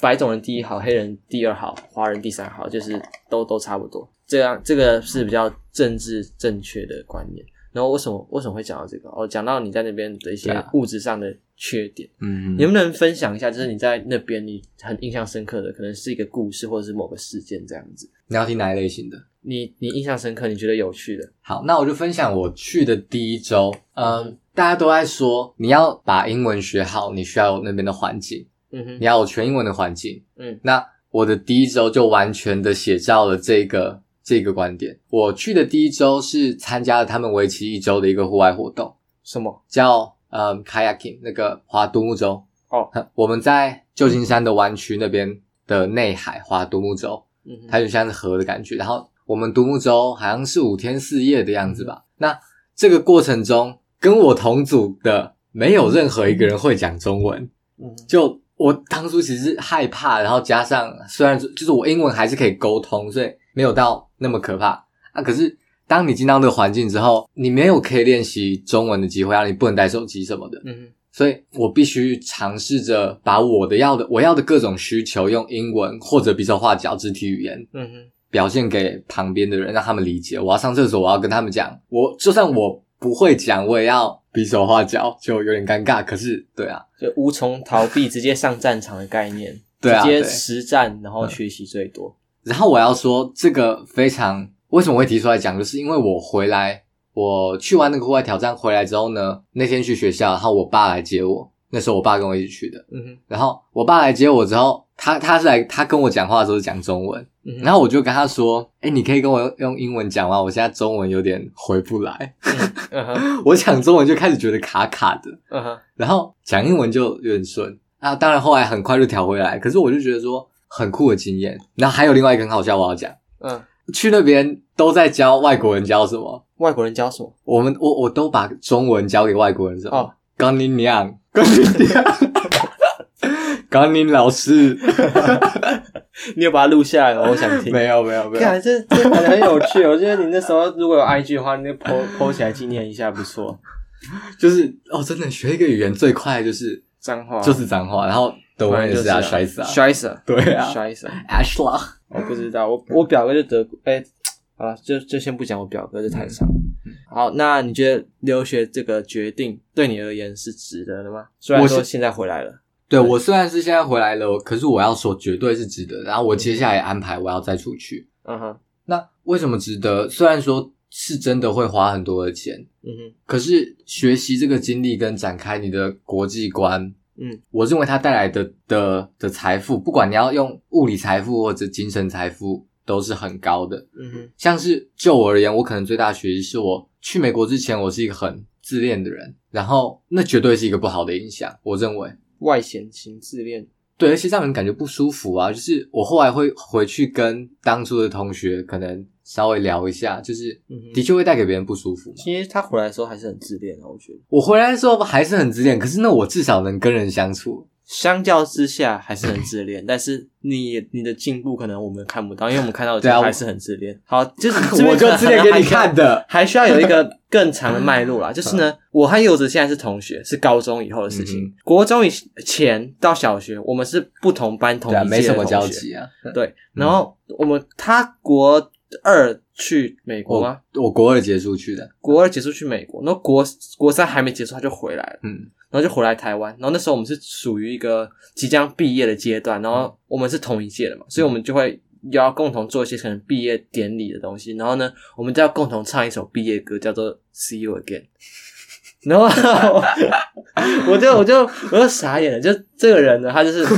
A: 白種人第一好，黑人第二好，華人第三好，就是都都差不多，這樣，這個是比較政治正確的觀念。然後，為什麼為什麼會講到這個？哦、喔，講到你在那邊的一些物質上的缺點，啊、嗯，能不能分享一下？就是你在那邊你很印象深刻的，可能是一個故事或者是某個事件這樣子。
B: 你要聽哪一類型的？你你印象深刻，你覺得有趣的。好，那我就分享我去的第一周。嗯，大家都在說你要把英文學好，你需要有那邊的環境。你要有全英文的環境，嗯，那我的第一周就完全的寫照了這個這個觀點。我去的第一周是參加了他們為期一周的一個戶外活動，什麼叫呃，Kayaking 那個劃獨木舟？哦、啊，我們在舊金山的灣區那邊的內海劃獨木舟，嗯、哼它就像是河的感覺。然後我們獨木舟好像是五天四夜的樣子吧。嗯、那這個過程中，跟我同組的沒有任何一個人會講中文，嗯，就。我當初其實是害怕，然後，加上雖然就，就是我英文還是可以溝通，所以沒有到那麼可怕啊。可是當你進到那個環境之後，你沒有可以練習中文的機會，讓你不能帶手機什麼的，嗯哼。所以我必須嘗試着把我的要的、我要的各種需求用英文或者，比手畫腳、肢體語言，嗯哼，表現給旁邊的人，讓他們理解。我要上廁所，我要跟他們講，我就算我，不會講，我也要比手畫腳，就有點尷尬。可是，對啊，就無從逃避， (laughs) 直接上戰場的概念，對啊，直接實戰，對然後學習最多。嗯。然後我要說，這個非常，為什麼會提出來講，就是因為我回來，我去完那個戶外挑戰回來之後呢，那天去學校，然後我爸來接我。那時候我爸跟我一起去的，嗯哼，然後我爸來接我之後，他他是來，他跟我講話的時候講中文，嗯、哼然後我就跟他說，哎，你可以跟我用英文講嗎？我現在中文有點回不來，嗯嗯、哼 (laughs) 我講中文就開始覺得卡卡的，嗯、哼然後講英文就有點順，啊，當然後來很快就調回來，可是我就覺得說很酷的經驗。然後還有另外一個很好笑我要講，嗯，去那邊都在教外國人教什麼？外國人教什麼？我們我我都把中文教給外國人，什麼？剛、哦、你娘鋼琴，鋼琴老師，你有把它錄下來了？我想聽。沒有，沒有，
A: 沒有。對啊，這這很有趣。我覺得你那時候如果有 IG 的話，你 po po 起來紀念一下不錯。就是哦，真的學一個語言最快就是髒話，就是髒話。然後德文也是啊，摔死，摔死，對啊，摔死。Ashla，我不知道，我我表哥就德國。好了，就就先不講我表哥這太長。嗯、好，那你覺得留學這個
B: 決定對你而言是值得的嗎？雖然說現在回來了，我是對，對我雖然是現在回來了，可是我要說絕對是值得。然後我接下來安排我要再出去。嗯哼，那為什麼值得？雖然說是真的會花很多的錢，嗯哼，可是學習這個經歷跟展開你的國際觀，嗯，我認為它帶來的的的財富，不管你要用物理財富或者精神財富。都是很高的，嗯哼，像是就我而言，我可能最大的學習是我去美國之前，我是一個很自戀的人，然後那絕對是一個不好的影響，我認為外顯型自戀，對，而且讓人感覺不舒服啊，就是我後來會回去跟當初的同學可能稍微聊一下，就是的確會帶給別人不舒服。其實他回來的時候還是很自戀的，我覺得我回來的時候不還是很自戀，可是那我至少能跟人相處。相較之下
A: 還是很自戀， (coughs) 但是你你的進步可能我們看不到，因為我們看到的還是很自戀。 (coughs) 啊、好，就是 (coughs) 我就自戀給你看的， (coughs) 還需要有一個更長的脈絡啦。就是呢， (coughs) 我和柚子現在是同學，是高中以後的事情。嗯嗯。國中以前到小學，我們是不同班同同學，對啊、沒什麼交集啊。對，嗯、然後我們他國二去美國嗎？我，我國
B: 二結束去的，
A: 國二結束去美國，然後國國三還沒結束他就回來了。嗯。然後就回來台灣，然後那時候我們是屬於一個即將畢業的階段，然後我們是同一屆的嘛，嗯、所以我們就會要共同做一些可能畢業典禮的東西，然後呢，我們就要共同唱一首畢業歌，叫做《See You Again》， (laughs) 然後我就我就我就，我就傻眼了，就這個人呢，他就是。 (laughs)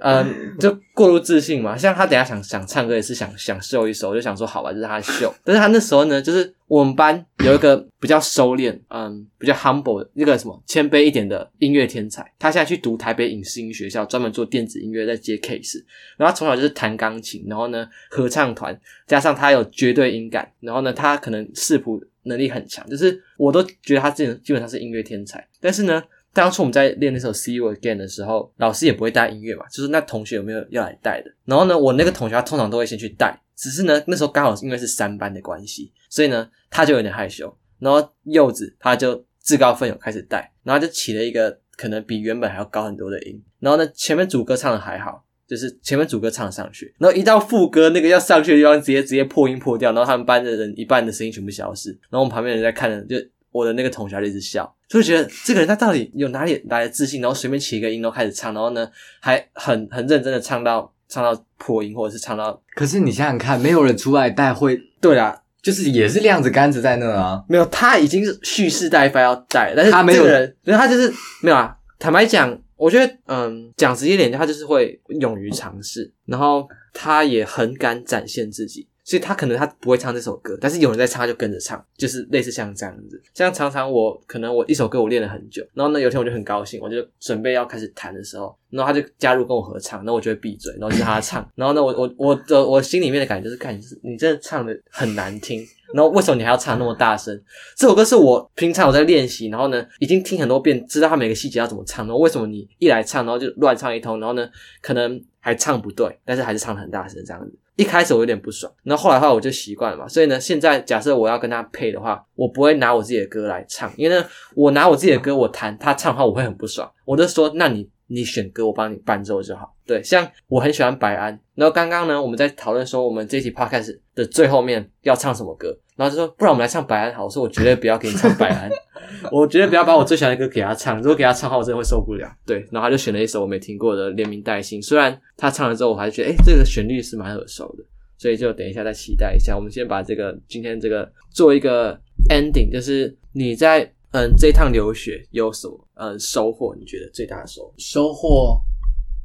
A: 嗯，就過度自信嘛，像他等下想想唱歌也是想想秀一首，就想說好吧，就是他秀。但是他那時候呢，就是我們班有一個比較收斂，嗯，比較 humble 的那個什麼謙卑一點的音樂天才，他現在去讀台北影視音學校，專門做電子音樂，在接 case。然後他從小就是彈鋼琴，然後呢合唱團，加上他有絕對音感，然後呢他可能視譜能力很強，就是我都覺得他基本基本上是音樂天才。但是呢。當初我們在練那首《See You Again》的時候，老師也不會帶音樂嘛，就是那同學有沒有要來帶的？然後呢，我那個同學他通常都會先去帶，只是呢，那時候剛好因為是三班的關係，所以呢他就有點害羞，然後柚子他就自告奮勇開始帶，然後就起了一個可能比原本還要高很多的音，然後呢前面主歌唱的還好，就是前面主歌唱上去，然後一到副歌那個要上去的地方，直接直接破音破掉，然後他們班的人一半的聲音全部消失，然後我們旁邊人在看着，就我的那個同學就一直笑。就會覺得這個人他到底有哪裡來的自信，然後隨便起一個音，都開始唱，然後呢還很很認真的唱到唱到破音，或者是唱到。
B: 可是你想想看，沒有人出來
A: 帶會，對啊，就是也是晾着杆子在那啊、嗯。沒有，他已經是蓄勢待發要帶，但是他沒有人，就是他就是沒有啊。坦白講，我覺得嗯，講直接一點，他就是會勇於嘗試，然後他也很敢展現自己。所以他可能他不會唱這首歌，但是有人在唱，他就跟着唱，就是類似像這樣子。像常常我可能我一首歌我練了很久，然後呢，有一天我就很高興，我就準備要開始彈的時候，然後他就加入跟我合唱，那我就會閉嘴，然後就跟他唱，然後呢我我我的我心裡面的感覺就是，看是你真的唱的很難聽，然後為什麼你還要唱那麼大聲？這首歌是我平常我在練習，然後呢已經聽很多遍，知道他每個細節要怎麼唱，然後為什麼你一來唱然後就亂唱一通，然後呢可能還唱不對，但是還是唱的很大聲這樣子。一開始我有點不爽，然後後來的話我就習慣了嘛。所以呢，現在假設我要跟他配的話，我不會拿我自己的歌來唱，因為呢，我拿我自己的歌我彈他唱的話，我會很不爽。我就說，那你。你選歌，我幫你伴奏就好。對，像我很喜歡白安，然後剛剛呢，我們在討論說我們這期 podcast 的最後面要唱什麼歌，然後就說不然我們來唱白安。好，我說我絕對不要給你唱白安， (laughs) 我絕對不要把我最喜歡的歌給他唱。如果給他唱的話，我真的會受不了。對，然後他就選了一首我沒聽過的《連名帶姓》，雖然他唱了之後，我還是覺得誒、欸、這個旋律是蠻耳熟的，所以就等一下再期待一下。我們先把這個今天這個做一個 ending，就是你在。嗯，這
B: 一趟留學有什麼呃、嗯、收穫？你覺得最大的收穫？收穫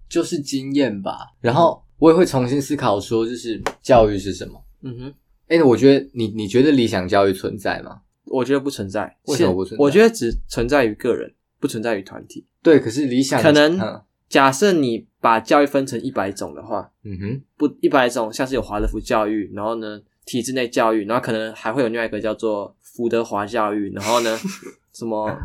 B: 就是經驗吧。然後我也會重新思考，說就是教育是什麼？嗯哼。哎、欸，那我覺得你你覺得理想教育存在嗎？我覺得不存在。其實 為什麼不存在？我覺得
A: 只存在於個人，不存在於團體。對，可是理想可能假設你把教育分成一百種的話，嗯
C: 哼，
A: 不，一百種像是有華德福教育，然後呢，體制內教育，然後可能還會有另外一個叫做福德華教育，然後呢。 (laughs) 什麼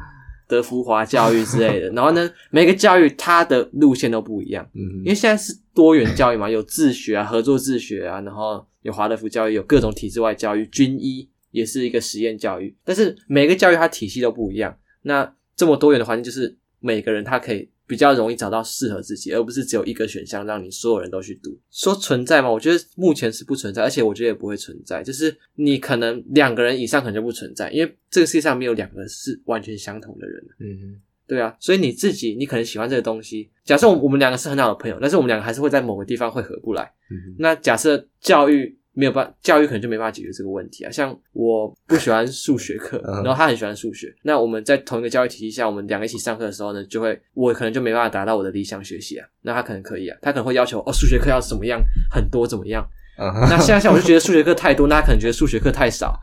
A: 德福華教育之類的，然後呢，每個教育它的路線都不一樣，嗯，因為現在是多元教育嘛，有自學啊，合作自學啊，然後有華德福教育，有各種體制外教育，軍醫也是一個實驗教育，但是每個教育它體系都不一樣，那這麼多元的環境，就是每個人他可以。比較容易找到適合自己，而不是只有一個選項，讓你所有人都去讀。說存在嗎？我覺得目前是不存在，而且我覺得也不會存在。就是你可能兩個人以上可能就不存在，因為這個世界上沒有兩個是完全相同的人。嗯哼，對啊。所以你自己，你可能喜歡這個東西。假設我我們兩個是很好的朋友，但是我們兩個還是會在某個地方會合不來。嗯、哼那假設教育。沒有辦教育可能就沒辦法解決這個問題啊。像我不喜歡數學課，然後他很喜歡數學。那我們在同一個教育體系下，我們兩個一起上課的時候呢，就會，我可能就沒辦法達到我的理想學習啊。那他可能可以啊，他可能會要求哦，數學課要怎麼樣，很多怎麼樣。Uh huh. 那現在像我就覺得數學課太多，那他可能覺得數學課太少。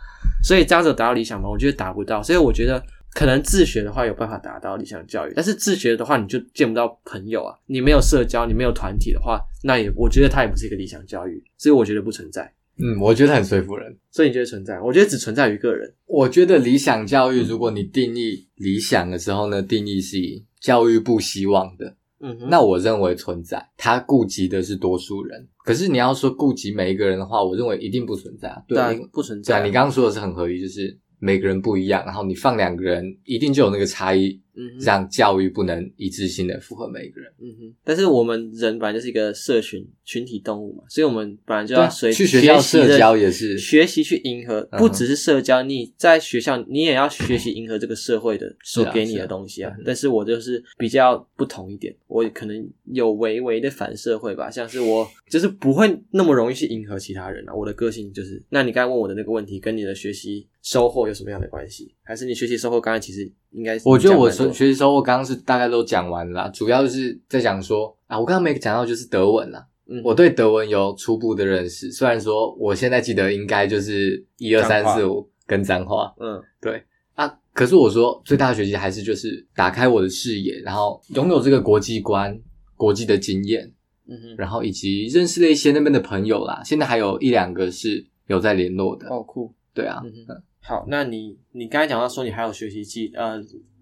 A: 所以這樣子有達到理想嗎？我覺得達不到。所以我覺得可能自學的話有辦法達到理想教育，但是自學的話你就見不到朋友啊，你沒有社交，你沒有團體的話，那也我覺得他也不是一個理想教育。所以我覺得不存在。
B: 嗯，我覺得很說服人，
A: 所以你覺得存在？
B: 我覺得只存在於個人。我覺得理想教育，如果你定義理想的時候呢，嗯、定義是以教育部希望的，
C: 嗯哼，那我
B: 認為存在，它顧及的是多數人。可是你要說顧及每一個人的話，我認為一定不存在啊，對，對啊，不存在、啊。你剛剛說的是很合理，就是每個人不一樣，然後你放兩個人，一定就有那個差異。讓、嗯、教育不能一致性的符合每一個
C: 人。嗯哼，
B: 但是我們
A: 人本來就是一個社群群體動物嘛，所以我們本來就要隨、啊、學去學校社交也是學習去迎合，不只是社交，你在學校你也要學習迎合這個社會的、嗯、哼所給你的東西啊。是啊是啊，但是我就是比較不同一點，我可能有微微的反社會吧，像是，我就是不會那麼容易去迎合其他人啊。我的個性就是，那你剛才問我的那個問題跟你的學習收穫有什麼樣的關係？還是你學習收穫？剛才其實
B: 應該是，我覺得我學學習收穫剛剛是大概都講完了啦，主要就是在講說啊，我剛剛沒講到就是德文啦。嗯，我對德文有初步的認識，雖然說我現在記得應該就是一二三四五跟髒話。髒話，嗯，
A: 對啊，
B: 可是我說最大的學習還是就是打開我的視野，然後擁有這個國際觀、嗯、國際的經驗，嗯哼，然後以及認識了一些那邊的朋友啦。現在還有一兩個是有在聯絡的，好、哦、酷。對啊。嗯
A: 好，那你你剛才講到說你還有學習計呃，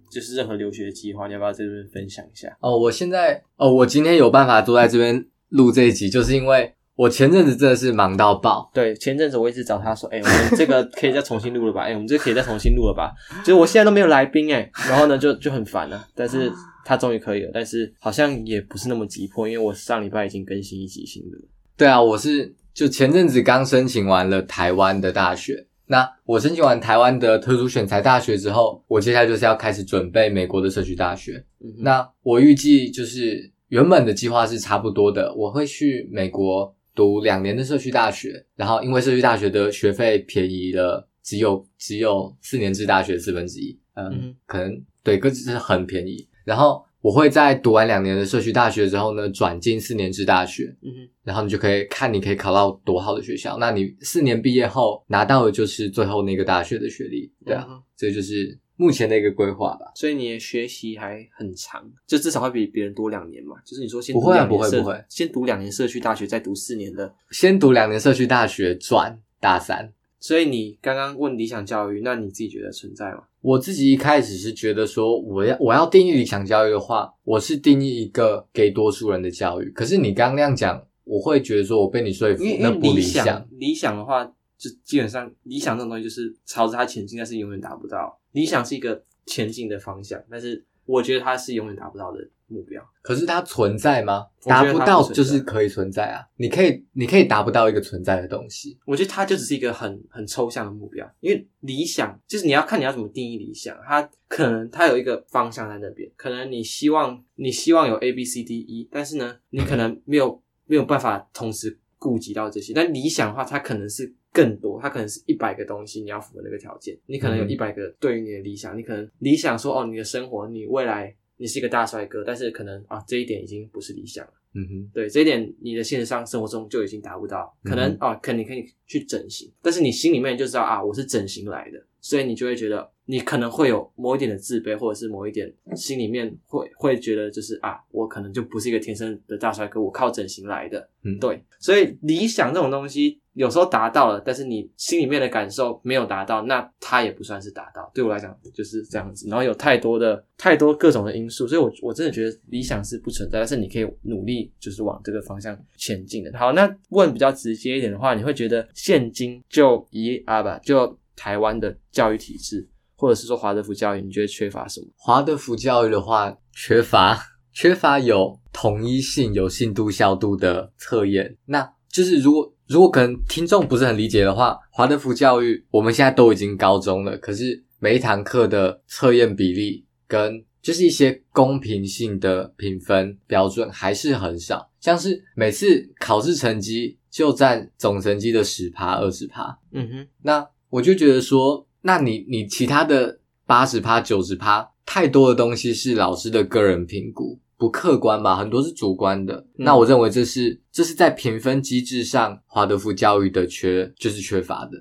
A: 就是任何留學計劃，你要不要在這邊分享一下？
B: 哦，我現在哦，我今天有辦法坐在這邊錄這一集，就是因為我前陣子真的是忙到爆。對，前陣子我一直找他說：“哎、欸，我們這個可以再重新錄了吧？哎、 (laughs) 欸，我們這個可以再重新錄了吧？”就是我現在都沒有來賓哎、欸，
A: 然後呢就就很煩啊，但是他終於可以了，但是好像也不是那麼急迫，因為我
B: 上禮拜已經更新一集新的。對啊，我是就前陣子剛申請完了台灣的大學。嗯那我申請完台灣的特殊選才大學之後，我接下來就是要開始準備美國的社區大學。嗯、哼那我預計就是原本的計劃是差不多的，我會去美國讀兩年的社區大學，然後因為社區大學的學費便宜了，只有只有四年制大學四分之一，嗯哼，可能對，各自是很便宜。然後。我會在讀完兩年的社區大學之後呢，轉進四年制大學，嗯、哼然後你就可以看你可以考到多好的學校。那你四年畢業後拿到的就是最後那個大學的學歷，
C: 對啊、嗯
B: 哼，這就是目前的一個規劃吧。所以你的學習還很長，就至少會比別人多兩年嘛。就是你說先讀兩年，不會啊，不會，不會，
A: 先讀兩年社區大學，再讀四年的，
B: 先讀兩年社區大
A: 學轉大
B: 三。所以你剛剛問理想教育，那你自己覺得存在嗎？我自己一開始是覺得說，我要我要定義理想教育的話，我是定義一個給多數人的教育。可是你剛剛那樣講，我會覺得說我被你說服，那不理想。理想。理想的話，就
A: 基本上理想這種東西就是朝着它前進，但是永遠達不到。理想是一個前進的方向，但是我覺得它是永遠達不到的。目
B: 標，可是它存在嗎？達不到就是可以存在啊。在你可以，你可以達不到一個存在的東西。
A: 我覺得它就只是一個很很抽象的目標，因為理想就是你要看你要怎麼定義理想。它可能它有一個方向在那邊，可能你希望你希望有 A B C D E，但是呢，你可能沒有沒有辦法同時顧及到這些。嗯、但理想的話，它可能是更多，它可能是一百個東西你要符合那個條件。你可能有一百個對於你的理想，嗯、你可能理想說哦，你的生活，你未來。你是一個大帥哥，但是可能啊，這一點已經不是理想了。嗯哼，對，這一點你的現實上、生活中就已經達不到。可能、嗯哼、啊，可你可以去整形，但是你心裡面就知道啊，我是整形來的，所以你就會覺得你可能會有某一點的自卑，或者是某一點心裡面會會覺得就是啊，我可能就不是一個天生的大帥哥，我靠整形來的。嗯，對，所以理想這種東西。有時候達到了，但是你心裡面的感受沒有達到，那它也不算是達到。對我來講就是這樣子。然後有太多的、太多各種的因素，所以我我真的覺得理想是不存在，但是你可以努力，就是往這個方向前進的。好，那問比較直接一點的話，你會覺得現今就以啊吧，就台灣的教育體制，或者是說華德福教育，你覺得缺乏
B: 什麼？華德福教育的話，缺乏缺乏有統一性、有信度、效度的測驗。那就是如果。如果可能，聽眾不是很理解的話，華德福教育我們現在都已經高中了，可是每一堂課的測驗比例跟就是一些公平性的評分標準還是很少，像是每次考試成績就占總成績的十趴、二十趴。
C: 嗯哼，
B: 那我就覺得說，那你你其他的八十趴、九十趴，太多的東西是老師的個人評估。不客觀吧，很多是主觀的。嗯、那我認為這是這是在評分機制上，華德福教育的缺，就是缺乏的。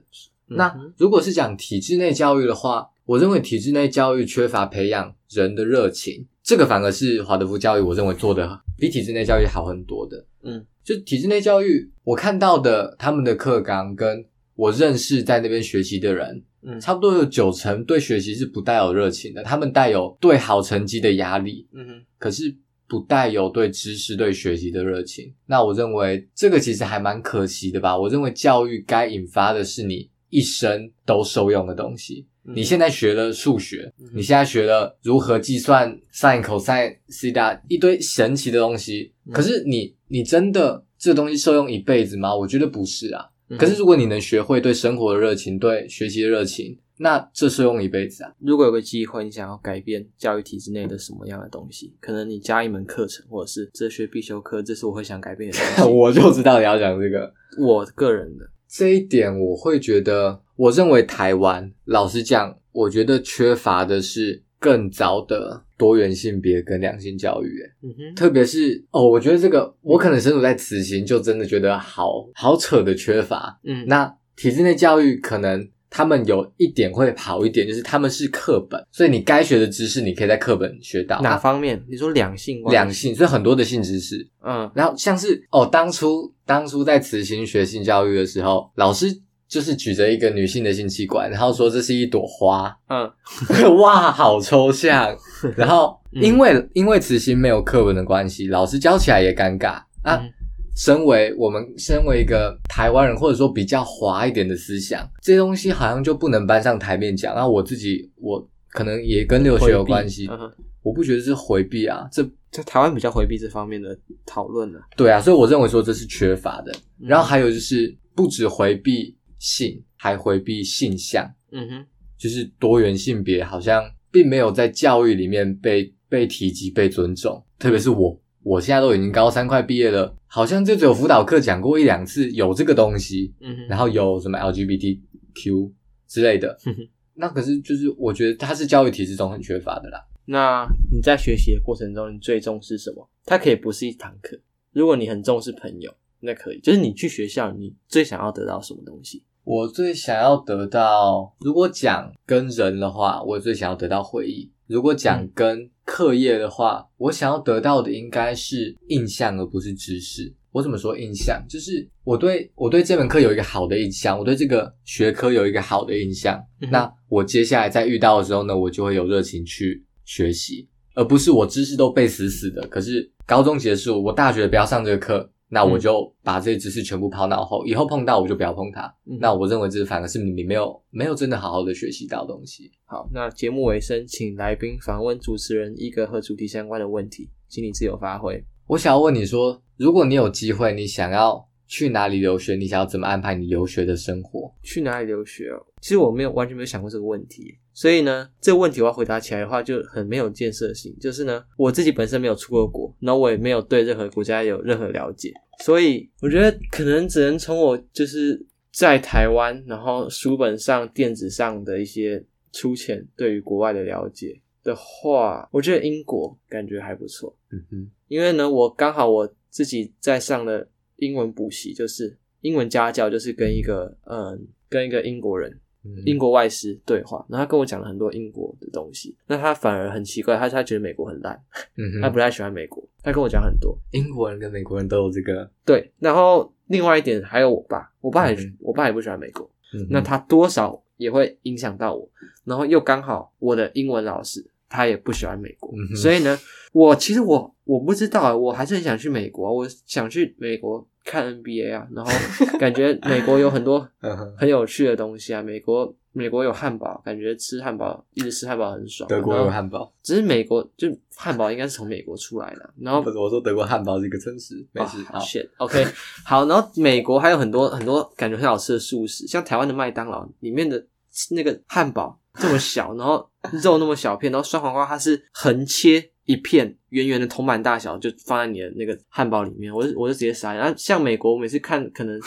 B: 嗯、那如果是講體制內教育的話，我認為體制內教育缺乏培養人的熱情，這個反而是華德福教育我認為做的比體制內教育好很多的。嗯，就體制內教育，我看到的他們的課綱跟我認識在那邊學習的人，嗯，差不多有九成對學習是不帶有熱情的，他們帶有對好成績的壓力。嗯哼，可是。不帶有對知識、對學習的熱情，那我認為這個其實還蠻可惜的吧。我認為教育該引發的是你一生都受用的東西。嗯、你現在學了數學，嗯、哼你現在學了如何計算 sin、cos、sec 的一堆神奇的東西，嗯、可是你，你真的這東西受用一輩子嗎？我覺得不是啊。嗯、哼可是如果你能學會對生活的熱情，對學習的熱情。那這是用一輩子啊！如果有個機會，你想要改
A: 變教育體制內的什麼樣的東西？可能你加一門課程，或者是哲學必修課，這是我會想改變的東
B: 西。 (laughs) 我就知道你要講這個。我個人的這一點，我會覺得，我認為台灣老實講，我覺得缺乏的是更早的多元性別跟兩性教育耶。嗯哼，特別是哦，我覺得這個我可能身處在此行，就真的覺得好好扯的缺乏。嗯，那體制內教育可能。他們有一點會好一點，就是他們是課本，所以你該學的知識，你可以在課本學到。哪方面？你說兩性嗎？兩性，所以很多的性知識，嗯。然後像是哦，當初當初在慈心學性教育的時候，老師就是舉着一個女性的性器官，然後說這是一朵花，嗯， (laughs) 哇，好抽象。 (laughs) 然後因為、嗯、因為慈心沒有課本的關係，老師教起來也尷尬啊。嗯身為我們身為一個台灣人，或者說比較華一點的思想，這些東西好像就不能搬上台面講。然後我自己，我可能也跟留學有關係，回避，我不覺得是回避啊，這在台灣比較回避這方面的討論呢、啊。對啊，所以我認為說，這是缺乏的。然後還有就是，不止回避性，還回避性向，嗯哼，就是多元性別好像並沒有在教育裡面被被提及、被尊重，特別是我。我現在都已經高三快畢業了，好像就只有輔導課講過一兩次有這個東西，嗯哼，然後有什麼 LGBTQ 之類的，
C: 嗯、
B: 哼那可是就是我覺得它是教育體制中很缺乏的啦。
A: 那你在學習的過程中，你最重視什麼？它可以不是一堂課，如果你很重視朋友，那可以。就是你去學校，你最想要得到什麼東西？我最
B: 想要得到，如果講跟人的話，我最想要得到回憶；如果講跟。嗯課業的話，我想要得到的應該是印象，而不是知識。我怎麼說印象？就是我對我對這門課有一個好的印象，我對這個學科有一個好的印象。那我接下來再遇到的時候呢，我就會有熱情去學習，而不是我知識都背死死的。可是高中結束，我大學不要上這個課。那我就把這些知識全部拋腦後，嗯、以後碰到我就不要碰它。嗯、那我認為這是反而是你沒有沒有真的好好的學習到東西。好，那節目尾聲，請來賓訪問主持人一個和主題相關的問題，請你自由發揮。我想要問你說，如果你有機會，你想要去哪裡留學？你想要怎麼安排你留學的生活？去
A: 哪裡留學，哦、其實我沒有完全沒有想過這個問題。所以呢，這個問題我要回答起來的話就很沒有建設性。就是呢，我自己本身沒有出過國，那我也沒有對任何國家有任何了解。所以我覺得可能只能從我就是在台灣，然後書本上、電子上的一些粗淺對於國外的了解的話，我覺得英國感覺還不錯。嗯嗯，因為呢，我剛好我自己在上的英文補習，就是英文家教，就是跟一個嗯跟一個英國人。英國外師對話，然後他跟我講了很多英國的東西，那他反而很奇怪，他說他覺得美國很爛，嗯、哼他不太喜歡美國，他跟我講很多
B: 英國人跟美國人
C: 都有這個
A: 對，然後另外一點還有我爸，我爸也、嗯、哼我爸也不喜歡美國，嗯、哼那他多少也會影響到我，然後又剛好我的英文老師。他也不喜歡美國，嗯、哼所以呢，我其實我我不知道，我還是很想去美國，我想去美國看 NBA 啊，然後感覺美國有很多很有趣的東西啊， (laughs) 嗯、哼美國美國有漢堡，感覺吃漢堡一直吃漢堡很爽，啊，德國有漢堡，只是美國就漢堡應該是從美國出來的，
B: 啊，然後不是我說德國漢堡是一個城市，沒
A: 事，哦、好 shit，OK， (laughs) 好，然後美國還有很多很多感覺很好吃的素食，像台灣的麥當勞裡面的那個漢堡。這麼小，然後肉那麼小片，然後酸黃瓜它是橫切一片，圓圓的銅板大小，就放在你的那個漢堡裡面，我就我就直接塞，然後像美國，我每次看可能。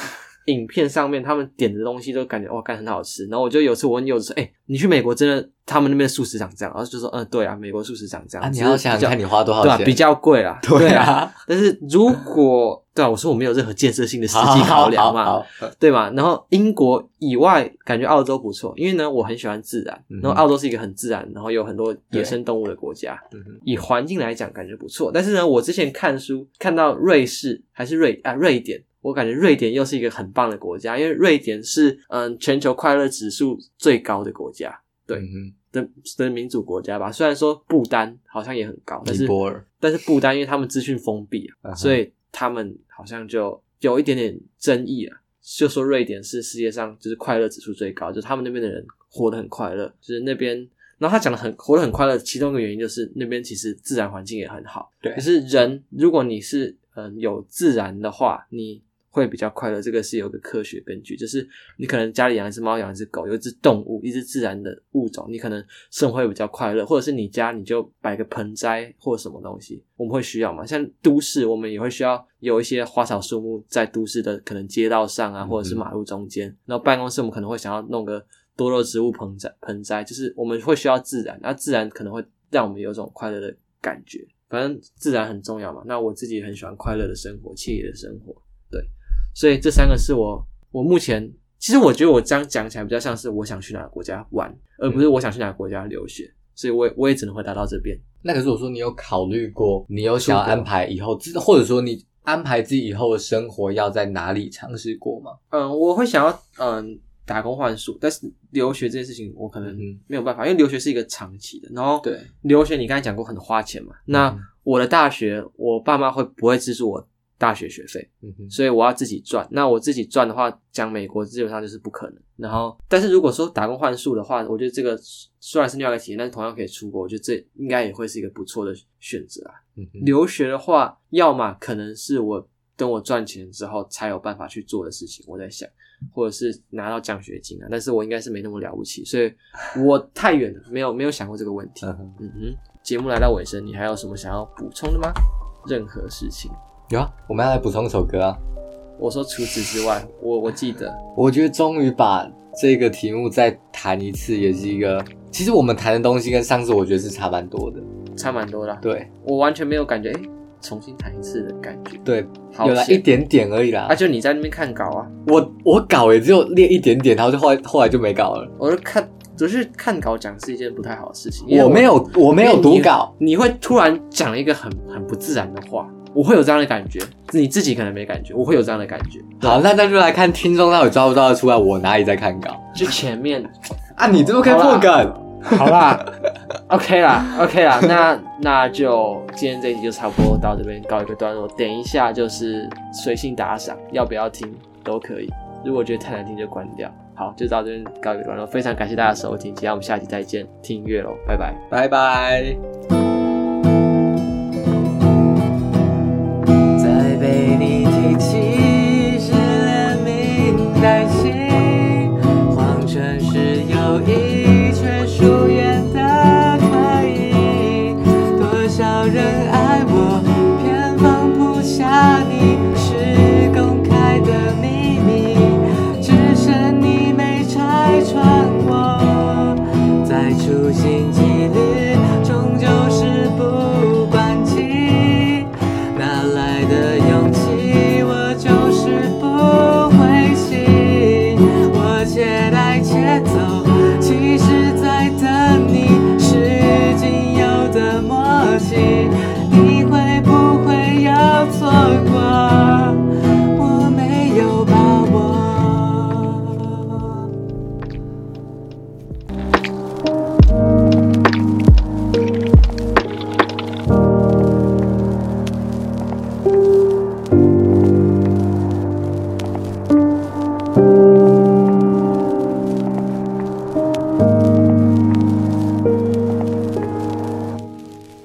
A: 影片上面他們點的東西都感覺哇，幹很好吃。然後我就有次我女友說：“哎、欸，你去美國真的？他們那邊的素食長這樣？”然後就說：“嗯、呃，對啊，美國素食長這樣。啊”你要想看你花多少錢，對、啊、比較貴啦對啊，對啊。但是如果 (laughs) 對啊，我說我沒有任何建設性的實際考量嘛，好好好好對吧。然後英國以外，感覺澳洲不錯，因為呢，我很喜歡自然。嗯、哼然後澳洲是一個很自然，然後有很多野生動物的國家，嗯、以環境來講感覺不錯。但是呢，我之前看書看到瑞士還是瑞啊瑞典。我感覺瑞典又是一個很棒的國家，因為瑞典是嗯全球快樂指數最高的國家，
C: 對，mm
A: hmm. 的的民主國家吧。雖然說不丹好像也很高，但是但是不丹因為他們資訊封閉啊，uh huh. 所以他們好像就有一點點爭議啊。就說瑞典是世界上就是快樂指數最高，就他們那邊的人活得很快樂，就是那邊。然後他講的很活得很快樂，其中一個原因就是那邊其實自然環境也很好，對。可是人如果你是嗯有自然的話，你會比較快樂，這個是有一個科學根據，就是你可能家裡養一隻貓、養一隻狗、有一隻動物、一隻自然的物種，你可能生活會比較快樂，或者是你家你就擺個盆栽或什麼東西，我們會需要嘛。像都市我們也會需要有一些花草樹木在都市的可能街道上啊，或者是馬路中間。嗯嗯。然後辦公室我們可能會想要弄個多肉植物盆栽，盆栽就是我們會需要自然，那、啊、自然可能會讓我們有種快樂的感覺，反正自然很重要嘛。那我自己也很喜歡快樂的生活、愜意的生活，對。所以這三個是我，我目前其實我覺得我這樣講起來比較像是我想去哪個國家玩，而不是我想去哪個國家留學。所以我也，我我也只能回答到
B: 這邊。那可是我說，你有考慮過，你有想要安排以後，或者說你安排自己以後的生活要在哪裡嘗試過嗎？嗯，我會想要嗯打工
A: 換宿，但是留學這件事情我可能沒有辦法，因為留學是一個長期的。然後，對留學你剛才講過很花錢嘛？那我的大學，我爸媽會不會資助我？大學學費，嗯、哼所以我要自己賺。那我自己賺的話，講美國基本上就是不可能。然後，但是如果說打工換宿的話，我覺得這個雖然是另外一個體驗，但是同樣可以出國。我覺得這應該也會是一個不錯的選擇啊。嗯、哼留學的話，要麼可能是我等我賺錢之後才有辦法去做的事情。我在想，或者是拿到獎學金啊。但是我應該是沒那麼了不起，所以我太遠了，沒有沒有想過這個問題。嗯哼，節、嗯、目來到尾聲，你還有什麼想要補充的嗎？任何事情。
B: 有啊，我們要來補充一首歌啊！我說，除此之外，我我記得，我覺得終於把這個題目再談一次，也是一個。其實我們談的東西跟上次我覺得是差蠻多的，差蠻多的啊。
A: 對，我完全沒有感覺，誒，重新談一次的感覺。
B: 對，好險。有了一點點而已啦。啊，就你在那邊看稿啊，我我稿也只有列一點點，然後就後來後來就沒稿了。
A: 我就看，只、就是看稿講是一件不太好的事情。我，我沒有，我沒有讀稿，你，你會突然講一個很很不自然的話。我會有這樣的感覺，你自
B: 己可能沒感覺。我會有這樣的感覺。好，對那再就來看聽眾到底抓不抓得出來，我哪裡在看稿？就前面， (laughs) 啊，你這麼看破梗哦。好啦，OK 啦 (laughs) ，OK 啦
A: ，OK 啦 (laughs) 那那就今天這集就差不多到這邊告一個段落。等一下就是隨性打賞，要不要聽都可以。如果覺得太難聽就關掉。好，就到這邊告一個段落。非常感謝大家收聽，今天我們下集再見，聽音樂嘍，拜拜，拜拜。
C: 一起。